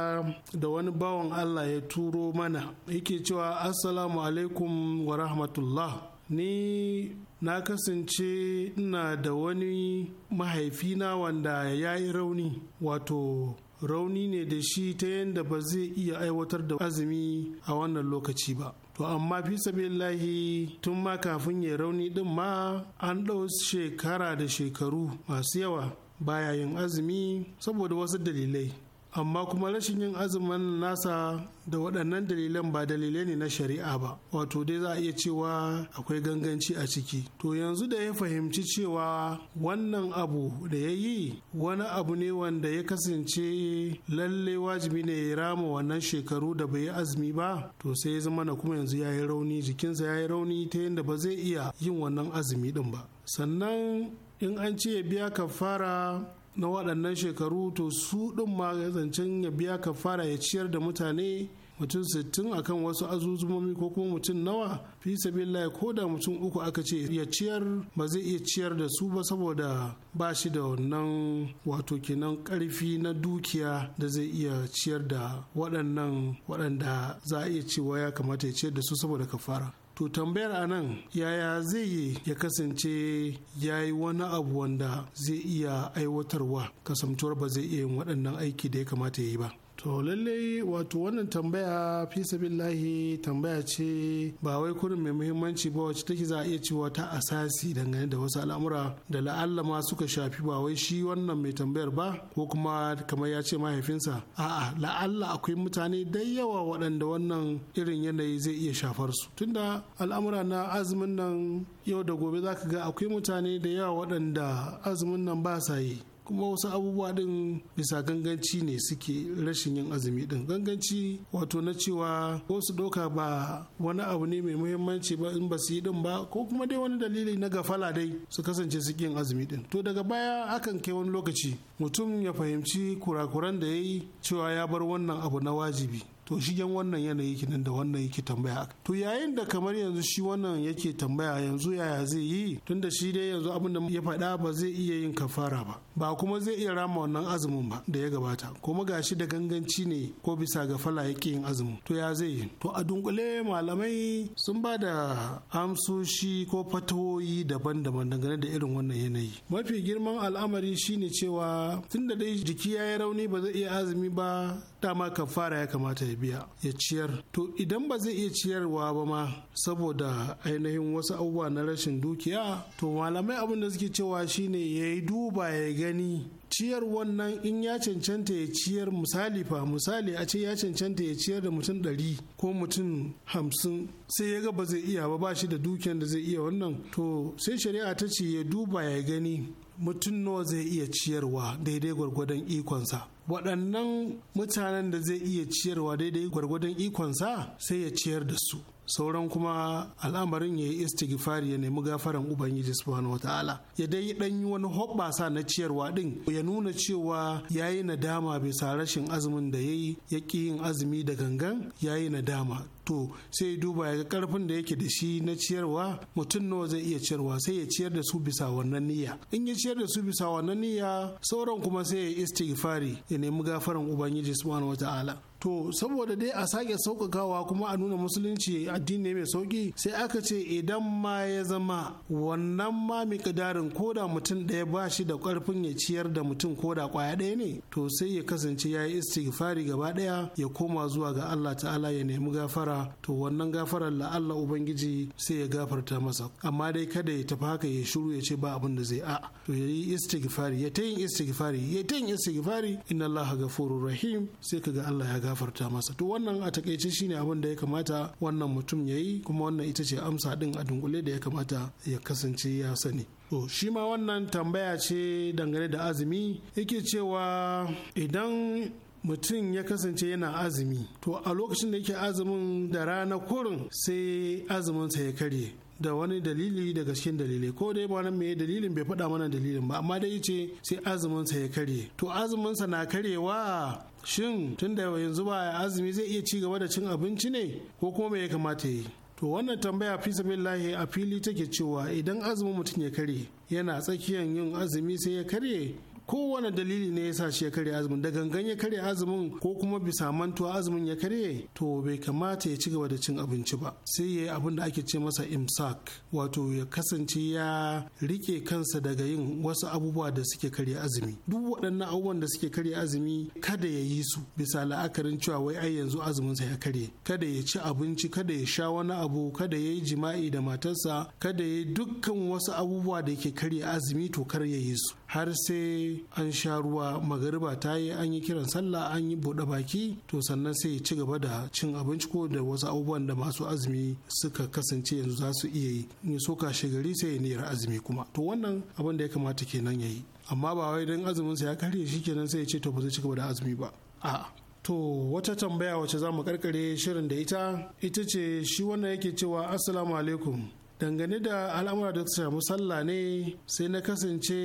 da wani bawan Allah ya turo mana yake cewa assalamu alaikum wa rahmatullah ni na kasance ina da wani mahaifina wanda ya yi rauni wato rauni ne da shi ta yadda ba zai iya aiwatar da azumi a wannan lokaci ba to amma fi sabilillahi tun ma kafin ya rauni din ma an ɗau shekara da shekaru masu yawa baya yin azumi saboda wasu dalilai amma kuma rashin yin azumin nasa da waɗannan dalilan ba dalilai ne na shari'a ba wato dai za a iya cewa akwai ganganci a ciki to yanzu da ya fahimci cewa wannan abu da ya yi wani abu ne wanda ya kasance lalle wajibi ne ya rama wannan shekaru da bai yi azumi ba to sai ya zama na kuma yanzu ya yi rauni jikinsa ya yi rauni ta yadda ba zai iya yin wannan azumi din ba sannan in an ce ya biya kafara na waɗannan shekaru to su ɗin ma zancen ya biya ka fara ya ciyar da mutane mutum sittin akan wasu azuzumomi ko kuma mutum nawa fi sabilillah ko da mutum uku aka ce ya ciyar ba zai iya ciyar da su ba saboda ba shi da wannan wato kenan karfi na dukiya da zai iya ciyar da waɗannan waɗanda za a iya cewa ya kamata ya ciyar da su saboda kafara to tambayar a nan yaya zai yi ya kasance ya yi wani abu wanda zai iya aiwatarwa kasamtuwar ba zai iya yin waɗannan aiki da ya kamata ya yi ba to lallai wato wannan tambaya fi sabillahi tambaya ce ba wai kurin mai muhimmanci ba wacce take za a iya cewa ta asasi dangane da wasu al'amura da la'alla ma suka shafi ba wai shi wannan mai tambayar ba ko kuma kamar ya ce mahaifinsa a'a la'alla akwai mutane da yawa waɗanda wannan irin yanayi zai iya shafar su tunda al'amura na azumin nan yau da gobe za ka ga akwai mutane da yawa waɗanda azumin nan ba sa yi kuma wasu abubuwa din bisa ganganci ne suke rashin yin azumi din ganganci wato na cewa ko su doka ba wani abu ne mai muhimmanci ba in ba su yi din ba ko kuma dai wani dalili na gafala dai su kasance suke yin azumi din to daga baya akan kai wani lokaci mutum ya fahimci kurakuran da ya yi cewa ya bar wannan abu na wajibi to shigen wannan yanayi nan da wannan yake tambaya to yayin da kamar yanzu shi wannan yake tambaya yanzu yaya zai yi tunda shi dai yanzu abin da ya faɗa ba zai iya yin kafara ba ba kuma zai iya rama wannan azumin ba da ya gabata kuma gashi da ganganci ne ko bisa ga fala yake yin azumin to ya zai yi to a dunkule malamai sun ba da amsoshi ko fatawoyi daban-daban dangane da irin wannan yanayi mafi girman al'amari shine cewa tunda dai jiki ya yi rauni ba zai iya azumi ba dama kafara ya kamata ya biya ya ciyar to idan ba zai iya ciyarwa ba ma saboda ainihin wasu abubuwa na rashin dukiya to malamai abin da suke cewa shine ya yi duba ya gani ciyar wannan in ya cancanta ya ciyar misali fa misali a ce ya cancanta ya ciyar da mutum ɗari ko mutum hamsin sai ya ga ba zai iya ba ba shi da dukiyan da zai iya wannan to sai shari'a ta ce ya duba ya gani mutum nawa zai iya ciyarwa daidai gwargwadon ikonsa waɗannan mutanen da zai iya ciyarwa daidai gwargwadon ikonsa sai ya ciyar da su sauran kuma al'amarin ya yi istighfari ya nemi gafaran ubangiji subhanahu wataala ya dai dan yi wani hoɓɓasa na ciyarwa din ya nuna cewa ya yi nadama bisa rashin azumin da ya yi ya ƙi yin azumi da gangan ya yi nadama to sai duba ya karfin da yake da shi na ciyarwa mutum nawa zai iya ciyarwa sai ya ciyar da su bisa wannan niyya in ya ciyar da su bisa wannan niyya sauran kuma sai ya istighfari ya nemi gafaran ubangiji subhanahu wataala to saboda dai a sake sauƙaƙawa kuma a nuna musulunci addini mai sauƙi sai aka ce idan ma ya zama wannan ma miƙadarin koda mutum ɗaya ba shi da ƙarfin ya ciyar da mutum koda ƙwaya ɗaya ne to sai ya kasance ya yi istighfari gaba ɗaya ya koma zuwa ga Allah ta'ala ya nemi gafara to wannan gafarar la Allah ubangiji sai ya gafarta masa amma dai kada ya tafi haka ya shiru ya ce ba abin da zai a to ya yi istighfari ya ta yin istighfari ya ta yin istighfari inna Allah ga rahim sai kaga Allah ya gafarta masa to wannan a takaice shine abin da ya kamata wannan mutum ya yi kuma wannan ita ce amsa din a dunkule da ya kamata ya kasance ya sani to shi ma wannan tambaya ce dangane da azumi yake cewa idan mutum ya kasance yana azumi to a lokacin da yake azumin da rana kurin sai azuminsa ya karye da wani dalili daga cikin dalilai ko dai ba me dalilin bai faɗa mana dalilin ba amma dai ce sai azumin sa ya karye to azumin sa na karyewa shin tunda yanzu ba azumi zai iya ci gaba da cin abinci ne ko kuma me ya kamata yi to wannan tambaya fi sabillahi a fili take cewa idan azumin mutum ya karye yana tsakiyan yin azumi sai ya karye kowane dalili ne ya sa shi ya karya azumin da gangan ya karya azumin ko kuma bisa mantuwa azumin ya karye to bai kamata ya ci gaba da cin abinci ba sai ya yi abin da ake ce masa imsak wato ya kasance ya rike kansa daga yin wasu abubuwa da suke karya azumi duk waɗannan abubuwan da suke karya azumi kada ya yi su bisa la'akarin cewa wai ai yanzu azumin sa ya karye kada ya ci abinci kada ya sha wani abu kada ya yi jima'i da matarsa kada ya yi dukkan wasu abubuwa da ke karya azumi to kar ya yi su har sai an sha ruwa magariba ta yi an yi kiran sallah an yi buɗe baki to sannan sai ci gaba da cin abinci ko da wasu abubuwan da masu azumi suka kasance yanzu za su iya yi in so ka gari sai ya niyar azumi kuma to wannan abin da ya kamata kenan ya yi amma ba wai don azumin sa ya karye shi kenan sai ya ce to ba zai ci gaba da azumi ba a'a To wata tambaya wacce za mu karkare shirin da ita ita ce shi wannan yake cewa Assalamu alaikum dangane da al'amura da ta samu sallah ne sai na kasance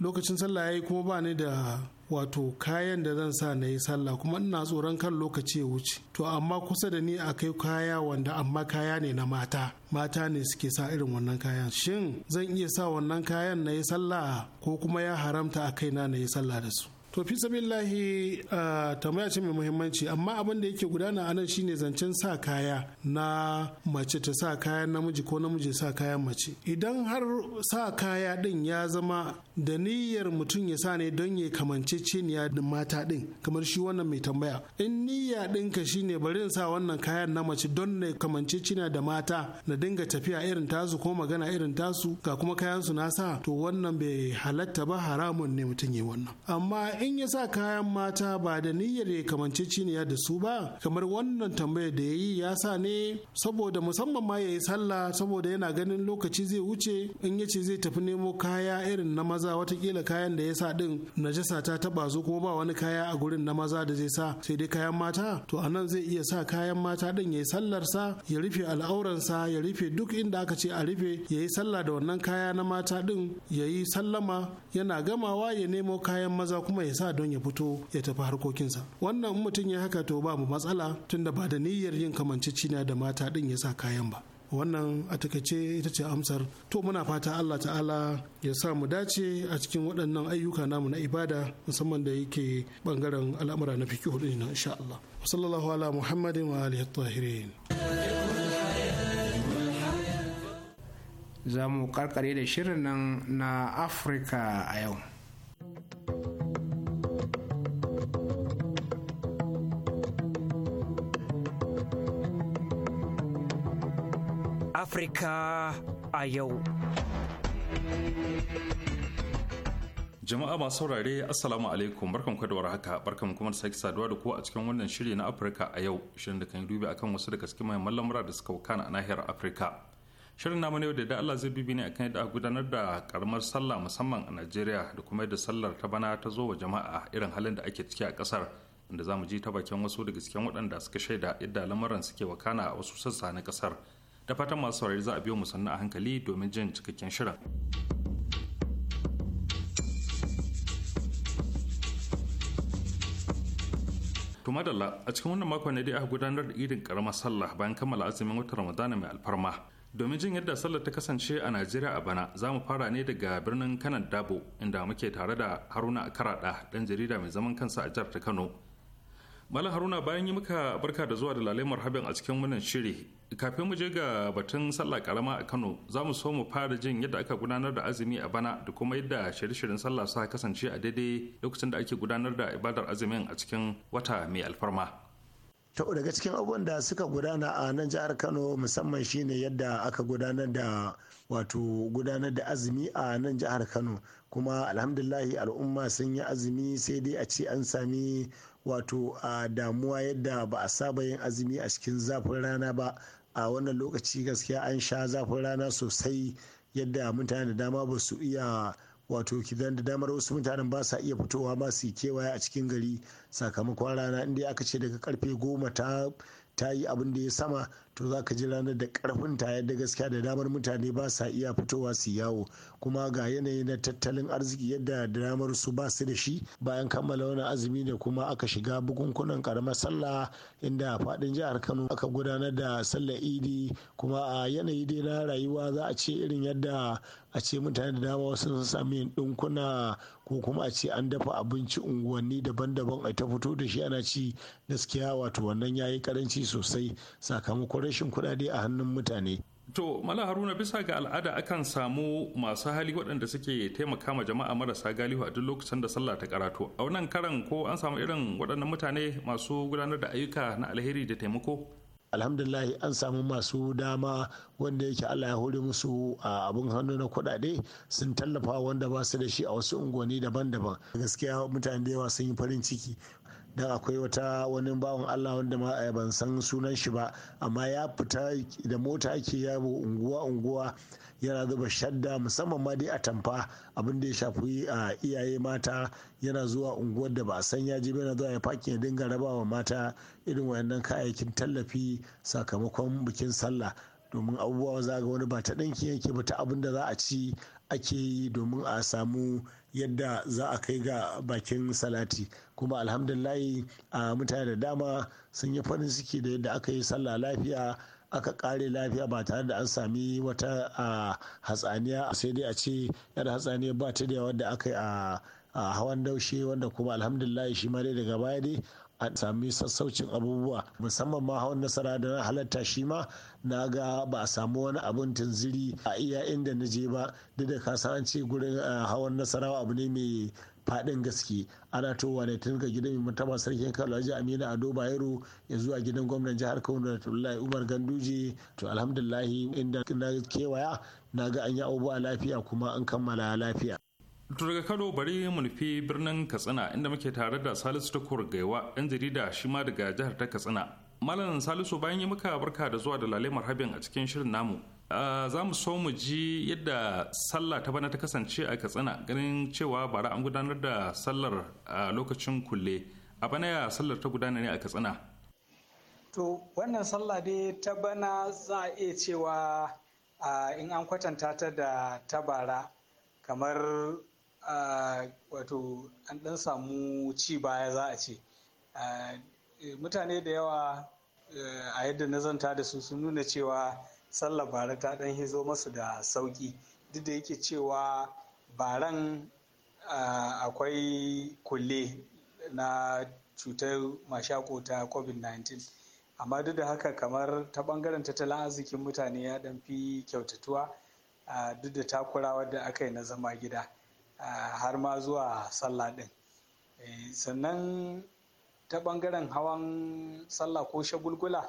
lokacin sallah ya yi kuma ba ni da wato kayan da zan sa na yi sallah kuma ina tsoron kan lokaci ya wuce to amma kusa da ni akai kaya wanda amma kaya ne na mata mata ne suke sa irin wannan kayan shin zan iya sa wannan kayan na yi sallah ko kuma ya haramta a kaina na yi sallah da su to fi sabillahi tambaya ce mai muhimmanci amma abin da yake gudana a nan shine zancen sa kaya na mace ta sa kayan namiji ko namiji sa kayan mace idan har sa kaya din ya zama da niyyar mutum ya sa ne don ya kamance ciniya da mata din kamar shi wannan mai tambaya in niyya ɗinka shine bari in sa wannan kayan na mace don na kamance ciniya da mata na dinga tafiya irin tasu ko magana irin tasu ga kuma kayan su na sa to wannan bai halatta ba haramun ne mutum ya wannan amma in ya sa kayan mata ba da niyyar ya kamance ciniya da su ba kamar wannan tambaya da ya yi ya sa ne saboda musamman ma ya yi sallah saboda yana ganin lokaci zai wuce in ya ce zai tafi nemo kaya irin na maza maza watakila kayan da ya sa din najasa ta taba su kuma ba wani kaya a gurin na maza da zai sa sai dai kayan mata to anan zai iya sa kayan mata din yayi sallarsa ya rufe al'auransa ya rufe duk inda aka ce a rufe ya yi sallah da wannan kaya na mata din yayi sallama yana gamawa ya nemo kayan maza kuma ya sa don ya fito ya tafi harkokinsa wannan mutum ya haka to ba mu matsala tunda ba da niyyar yin cina da mata din ya sa kayan ba wannan a takaice ita ce amsar to muna fata Allah ta'ala ya sa mu dace a cikin waɗannan ayyuka namu na ibada musamman da yake bangaren al'amura na hudu din insha Allah sallallahu ala muhammadin wa alihi tahirin za mu karkare da shirin nan na afirka a yau Afirka a yau. Jama'a masu saurare Assalamu alaikum barkan ku da warhaka barkan kuma da sake saduwa da ku a cikin wannan shiri na Afirka a yau shirin da kan yi dubi akan wasu daga cikin mahimman lamura da suka wakana a nahiyar Afirka. Shirin namu ne da Allah zai bibi ne akan yadda aka gudanar da karamar sallah musamman a Najeriya da kuma yadda sallar ta bana ta zo wa jama'a irin halin da ake ciki a kasar inda za mu ji ta bakin wasu daga cikin waɗanda suka shaida yadda lamuran suke wakana a wasu sassa na kasar. da fatan masu saurari za a biyo mu a hankali domin jin cikakken shirin To madalla a cikin wannan makon ne dai aka gudanar da irin karamar sallah bayan kammala azumin watan Ramadana mai alfarma. Domin jin yadda sallar ta kasance a Najeriya a bana za mu fara ne daga birnin Kanan Dabo inda muke tare da Haruna Karaɗa ɗan jarida mai zaman kansa a jihar ta Kano Malam Haruna bayan yi muka barka da zuwa da lalai marhaban a cikin wannan shiri. Kafin mu je ga batun sallah karama a Kano, za mu so mu fara jin yadda aka gudanar da azumi a bana da kuma yadda shirye-shiryen sallah sa kasance a daidai lokacin da ake gudanar da ibadar azumin a cikin wata mai alfarma. ta daga cikin abubuwan da suka gudana a nan jihar kano musamman shine yadda aka gudanar da wato gudanar da azumi a nan jihar kano kuma alhamdulahi al'umma sun yi azumi sai dai a ce an sami wato a damuwa yadda ba a saba yin azumi a cikin zafin rana ba a wannan lokaci gaskiya an sha zafin rana sosai yadda mutane da dama ba su iya wato kidan da damar wasu mutanen ba sa iya fitowa ba su kewaye a cikin gari sakamakon rana inda aka ce daga karfe goma ta ta yi abin da ya sama to za ka ji ranar da karfin ta yadda gaskiya da damar mutane ba sa iya fitowa su yawo kuma ga yanayi na tattalin arziki yadda damar su ba su da shi bayan kammala wani azumi ne kuma aka shiga bukunkunan karamar sallah inda fadin jihar kano aka gudanar da sallar idi kuma a yanayi dai na rayuwa za a ce irin yadda a ce mutane da dama wasu sun sami dinkuna ko kuma a ce an dafa abinci unguwanni daban-daban a ta fito da shi ana ci gaskiya wato wannan ya yi karanci sosai sakamakon rashin kudade a hannun mutane To, Mala Haruna bisa ga al'ada akan samu masu hali waɗanda suke taimaka ma jama'a marasa galihu a duk lokacin da sallah ta karatu A wannan karan ko an samu irin waɗannan mutane masu gudanar da ayyuka na alheri da taimako? alhamdulillah an samu masu dama wanda yake allah ya hore musu a abin hannu na kuɗaɗe sun tallafa wanda ba su da shi a wasu unguwanni daban-daban gaskiya mutane da yawa sun yi farin ciki dan akwai wata wani bawan Allah wanda ma eh, ban san sunan shi ba amma ya fita da mota ake yabo unguwa unguwa yana zuba shadda musamman ma dai a tamfa abin da ya shafi a iyaye mata yana zuwa unguwar da ba a san ya yana zuwa ya fakin ya dinga rabawa mata irin wayannan kayayyakin tallafi sakamakon bikin sallah domin abubuwa za ga wani ba ta ɗinki yake ba ta abin da za a ci ake yi domin a samu yadda za a kai ga bakin salati kuma alhamdulillahi a mutane da dama sun yi farin ciki da yadda aka yi sallah lafiya aka kare lafiya ba tare da an sami wata hatsaniya sai dai a ce yar hatsaniya ba ta da wadda aka yi a hawan daushe wanda kuma alhamdulillah shi ma daga baya dai a sami sassaucin abubuwa musamman ma hawan nasara da na halatta shi ma na ga ba a samu wani abin tunziri a iya inda na je ba duk da kasan an ce gurin hawan nasara abu ne mai faɗin gaske ana towa ne tun ga gidan mutaba sarkin kalaji alhaji aminu ado bayero ya zuwa gidan gwamnan jihar kano da umar ganduje to alhamdulahi inda na kewaya na ga an yi abubuwa lafiya kuma an kammala lafiya To daga Kano bari mu nufi birnin Katsina inda muke tare da Salisu ta Gaiwa yan jarida shi ma daga jihar ta Katsina. Malam Salisu bayan yi muka barka da zuwa da Lale Marhabin a cikin shirin namu. za mu so mu ji yadda sallah ta bana ta kasance a katsina ganin cewa bara an gudanar da sallar a lokacin kulle a bana ya sallar ta gudana ne a katsina to wannan sallah dai ta bana za a iya cewa in an kwatanta ta da ta bara kamar wato an ɗan samu ci baya za a ce mutane da yawa a yadda na zanta da su sun nuna cewa sallah bara ta dan hizo masu da sauki duk da yake cewa baran akwai kulle na cutar mashako ta covid-19 amma duk da haka kamar ta bangaren tattalin arzikin mutane ya dan fi kyautatuwa duk da takurawa da aka yi na zama gida har ma zuwa sallah din eh, sannan ta bangaren hawan sallah ko shagulgula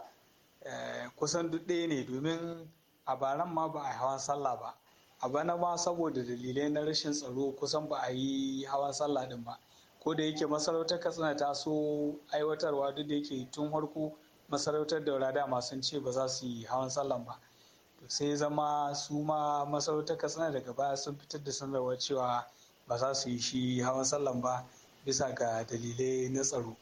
Eh, kusan duk ɗaya ne domin a baran ma ba a hawan sallah ba a bana ma saboda dalilai na rashin tsaro kusan ba a yi hawan sallah din ba ko da yake masarautar katsina ta so aiwatarwa duk da yake tun harko masarautar daura dama sun ce ba za su yi hawan sallah ba sai zama su ma masarautar katsina daga baya sun fitar da sanarwa cewa ba za su yi shi hawan sallah ba bisa ga dalilai na tsaro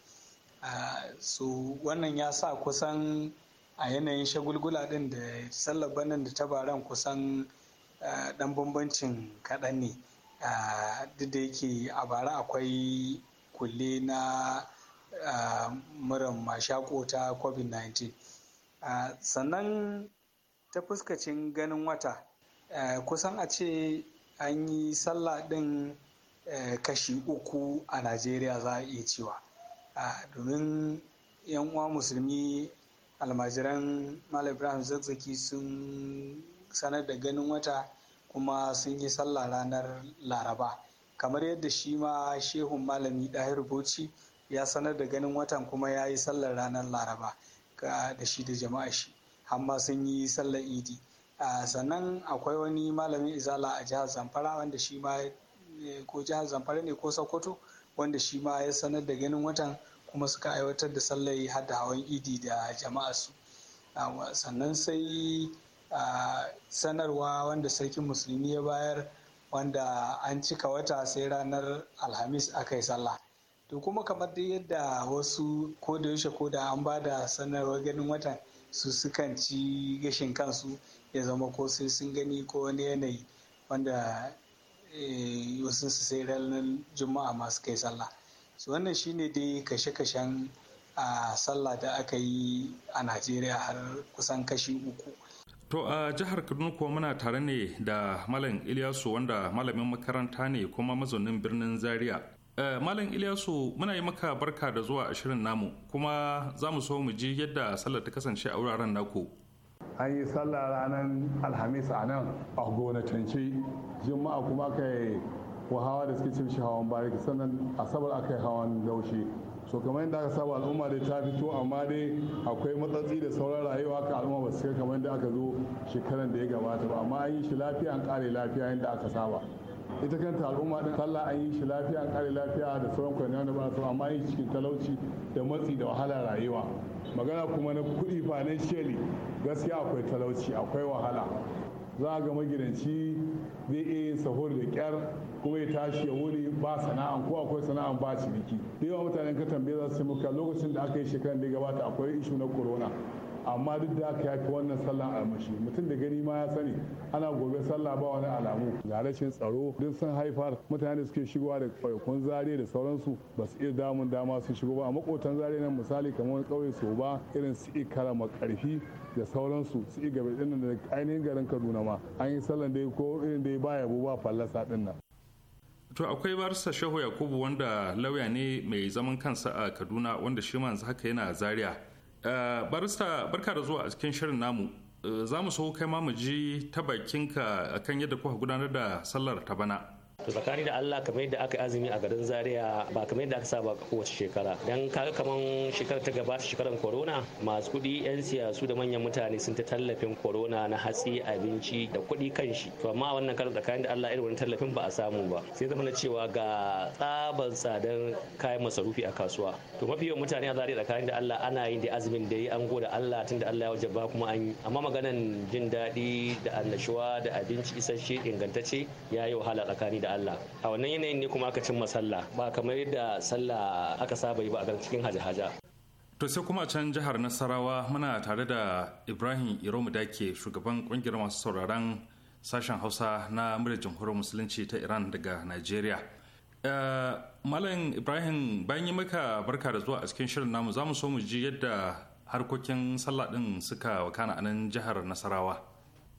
ah, so wannan ya sa kusan a yanayin shagulgula din da sallar banan da ta baran kusan dan bambancin kaɗan ne duk da yake a bara akwai kulle na muran mashako ta covid-19 sannan ta fuskacin ganin wata kusan a ce an yi sallah din kashi uku a najeriya za a iya cewa domin yan uwa musulmi almajiran malam ibrahim zazzaki sun sanar da ganin wata kuma sun yi sallah ranar laraba kamar yadda shi ma shehun malami dahir bauchi ya sanar da ganin watan kuma ya yi sallar ranar laraba da shi da jama'a shi hamma sun yi sallar idi sannan akwai wani malamin izala a jihar zamfara wanda shi ma eh, ko jihar zamfara ne ko sokoto wanda shi ma ya sanar da ganin watan kuma suka aiwatar da sallar hada hawan idi da jama'a su ah, sannan sai ah, sanarwa wanda sarkin musulmi ya bayar wanda an cika wata sai ranar alhamis aka yi sallah to kuma kamar da yadda wasu ko da yaushe ko da an ba da sanarwar ganin watan su sukan ci gashin kansu ya zama ko sai sun gani ko wani yanayi wanda eh, wasu su sai ranar juma'a masu kai sallah su wannan shine dai kashe-kashen a sallah da aka yi a najeriya har kusan kashi uku to a jihar kaduna kuwa muna tare ne da malam ilyasu wanda malamin makaranta ne kuma mazaunin birnin zaria eh, malam ilyasu muna yi maka barka da zuwa ashirin namu kuma za mu so mu ji yadda sallah ta kasance a wuraren naku an yi sallah ranar alhamis a nan a gonatance juma'a kuma kai ko hawa da suke cin shi hawan bariki sannan asabar aka yi hawan gaushe so kamar yadda aka saba al'umma dai ta fito amma dai akwai matsatsi da sauran rayuwa ka al'umma ba su kai kamar yadda aka zo shekaran da ya gabata ba amma an yi shi lafiya an kare lafiya yadda aka saba ita kanta al'umma din sallah an yi shi lafiya an kare lafiya da sauran kwanan da ba su amma yi cikin talauci da matsi da wahala rayuwa magana kuma na kuɗi financially gaskiya akwai talauci akwai wahala za a ga magidanci zai iya sahur da kyar kuma ya tashi ya wuri ba sana'an ko akwai sana'an ba biki da yawa mutanen ka tambaye za su muka lokacin da aka yi shekaran da ya gabata akwai ishu na corona amma duk da aka ya wannan sallah almashi mutum da gani ma ya sani ana gobe sallah ba wani alamu ga rashin tsaro duk sun haifar mutane suke shigowa da kwaikun zare da sauransu ba su iya damun dama su shigo ba a makotan zare nan misali kamar kauye ba irin su karama karfi da sauransu su iya gabe din da ainihin garin kaduna ma an yi sallan da ko irin da ya ba ba fallasa din nan to akwai barsa shehu yakubu wanda lauya ne mai zaman kansa a kaduna wanda shi yanzu haka yana zaria eh, barista barka da zuwa a cikin shirin namu eh, za mu so kai ma mu ji ta bakinka akan yadda kuka gudanar da sallar ta bana to tsakani da Allah kamar yadda aka azumi a garin Zaria ba kamar yadda aka saba kowace shekara dan kaga kaman shekarar ta gabata shekarar corona masu kuɗi yan siyasu da manyan mutane sun ta tallafin corona na hatsi abinci da kuɗi kan shi to amma wannan karin tsakani da Allah irin wani tallafin ba a samu ba sai zama na cewa ga tsabar tsadar kayan masarufi a kasuwa to mafi yawan mutane a Zaria tsakani da Allah ana yin da azumin da yi an goda Allah tun da Allah ya wajaba kuma an yi amma maganan jin daɗi da annashuwa da abinci isasshe ingantacce yayi wahala tsakani da Allah a wannan yanayin ne kuma aka cimma sallah ba kamar yadda sallah aka saba yi ba a cikin haja-haja To sai kuma can jihar Nasarawa muna tare da Ibrahim Iromu Dake shugaban kungiyar masu sauraron sashen Hausa na muryar jamhuriyar musulunci ta Iran daga Najeriya. Eh, Malam Ibrahim bayan yi maka barka da zuwa a cikin shirin namu za mu so mu ji yadda harkokin sallah din suka wakana a nan jihar Nasarawa.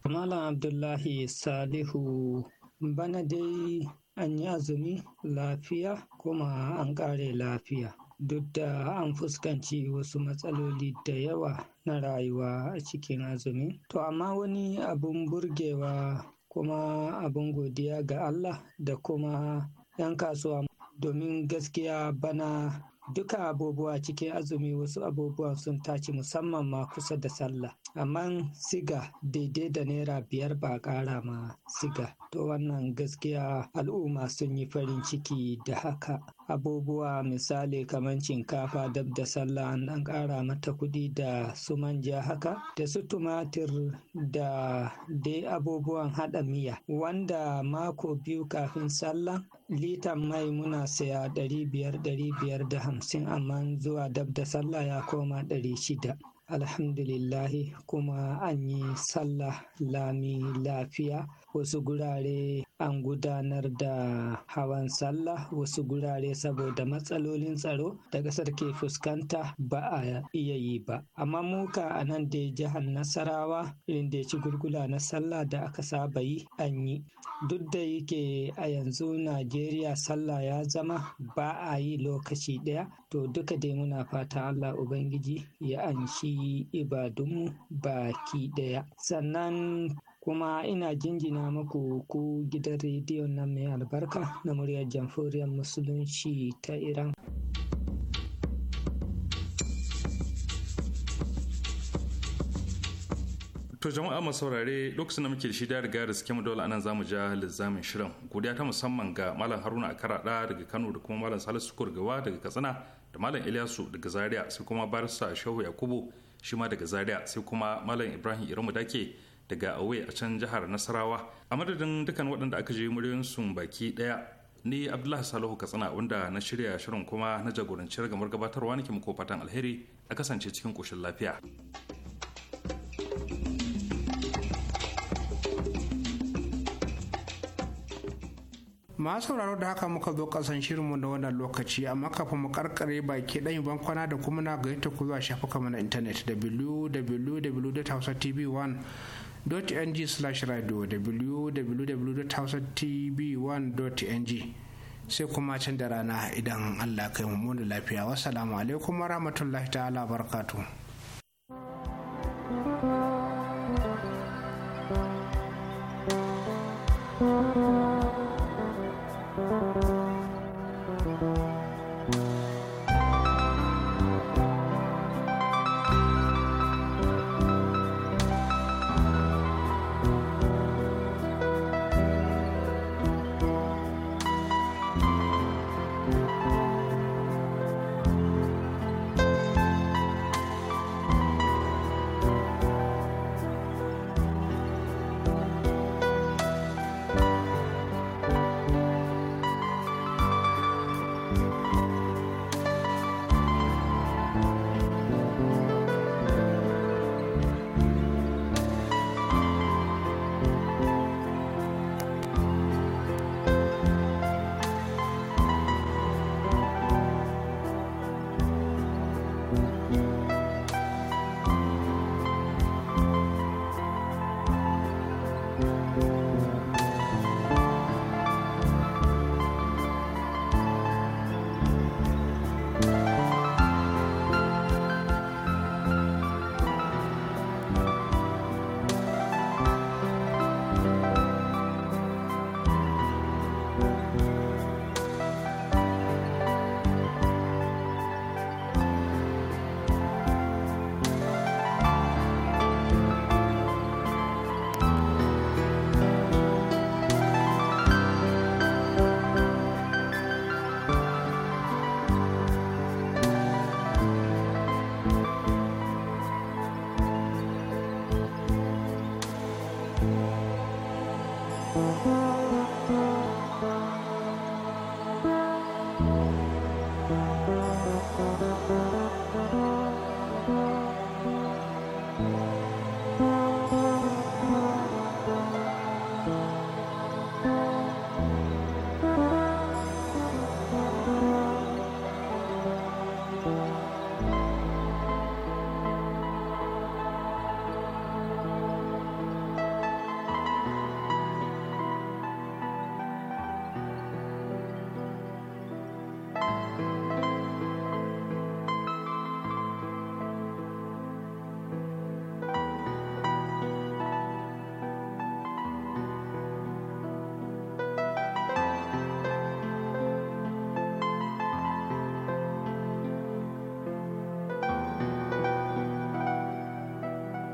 Malam Abdullahi Salihu bana dai an yi azumi lafiya kuma an ƙare lafiya duk da an fuskanci wasu matsaloli da yawa na rayuwa a cikin azumi to amma wani abun burgewa kuma abun godiya ga Allah da kuma 'yan kasuwa domin gaskiya bana duka abubuwa cikin azumi wasu abubuwan sun tashi musamman ma kusa da sallah amma siga daidai da naira biyar ba ƙara ma siga to wannan gaskiya al'umma sun yi farin ciki da haka abubuwa misali kamar shinkafa dab da sallah an ɗan ƙara mata kuɗi da su manja haka da su tumatir da dai abubuwan haɗa miya wanda mako biyu kafin sallah litan mai muna saya ɗari biyar ɗari biyar da hamsin amma zuwa dab da sallah ya koma ɗari shida alhamdulillahi kuma an yi sallah lami lafiya wasu gurare an gudanar da hawan sallah wasu gurare saboda matsalolin tsaro da ƙasar ke fuskanta ba a iya yi ba amma muka a nan da jihar nasarawa irin da ya ci gurgula na sallah da aka saba yi an yi duk da yake a yanzu najeriya sallah ya zama ba a yi lokaci ɗaya to duka dai muna fata allah ubangiji ya anshi ibadunmu baki ɗaya sannan kuma ina jinjina muku ku gidan rediyon nan mai albarka na muryar jamhuriyar musulunci ta iran To jama'a masu saurare lokacin da muke shida riga da suke dole anan zamu ja lizamin shirin. Godiya ta musamman ga Malam Haruna da daga Kano da kuma Malam Salisu Kurgawa daga Katsina da Malam Ilyasu daga Zaria sai kuma Barista Shehu Yakubu shi ma daga Zaria sai kuma Malam Ibrahim Iramu Dake daga awai a can jihar nasarawa a madadin dukkan waɗanda aka je su baki ɗaya ni abdullahi salihu katsina wanda na shirya shirin kuma na jagoranci ragamar gabatarwa nake muku fatan alheri a kasance cikin koshin lafiya masu sauraro da haka muka zo kasan shirinmu na wannan lokaci amma kafin mu karkare baki ɗanyi bankwana da kuma na gayyata ku zuwa shafukanmu na intanet tv 1 ng/radio www.hausatv1.ng sai kuma can da rana idan allah kai mu da lafiya wassalamu alaikum rahmatullahi ta'ala barkatu.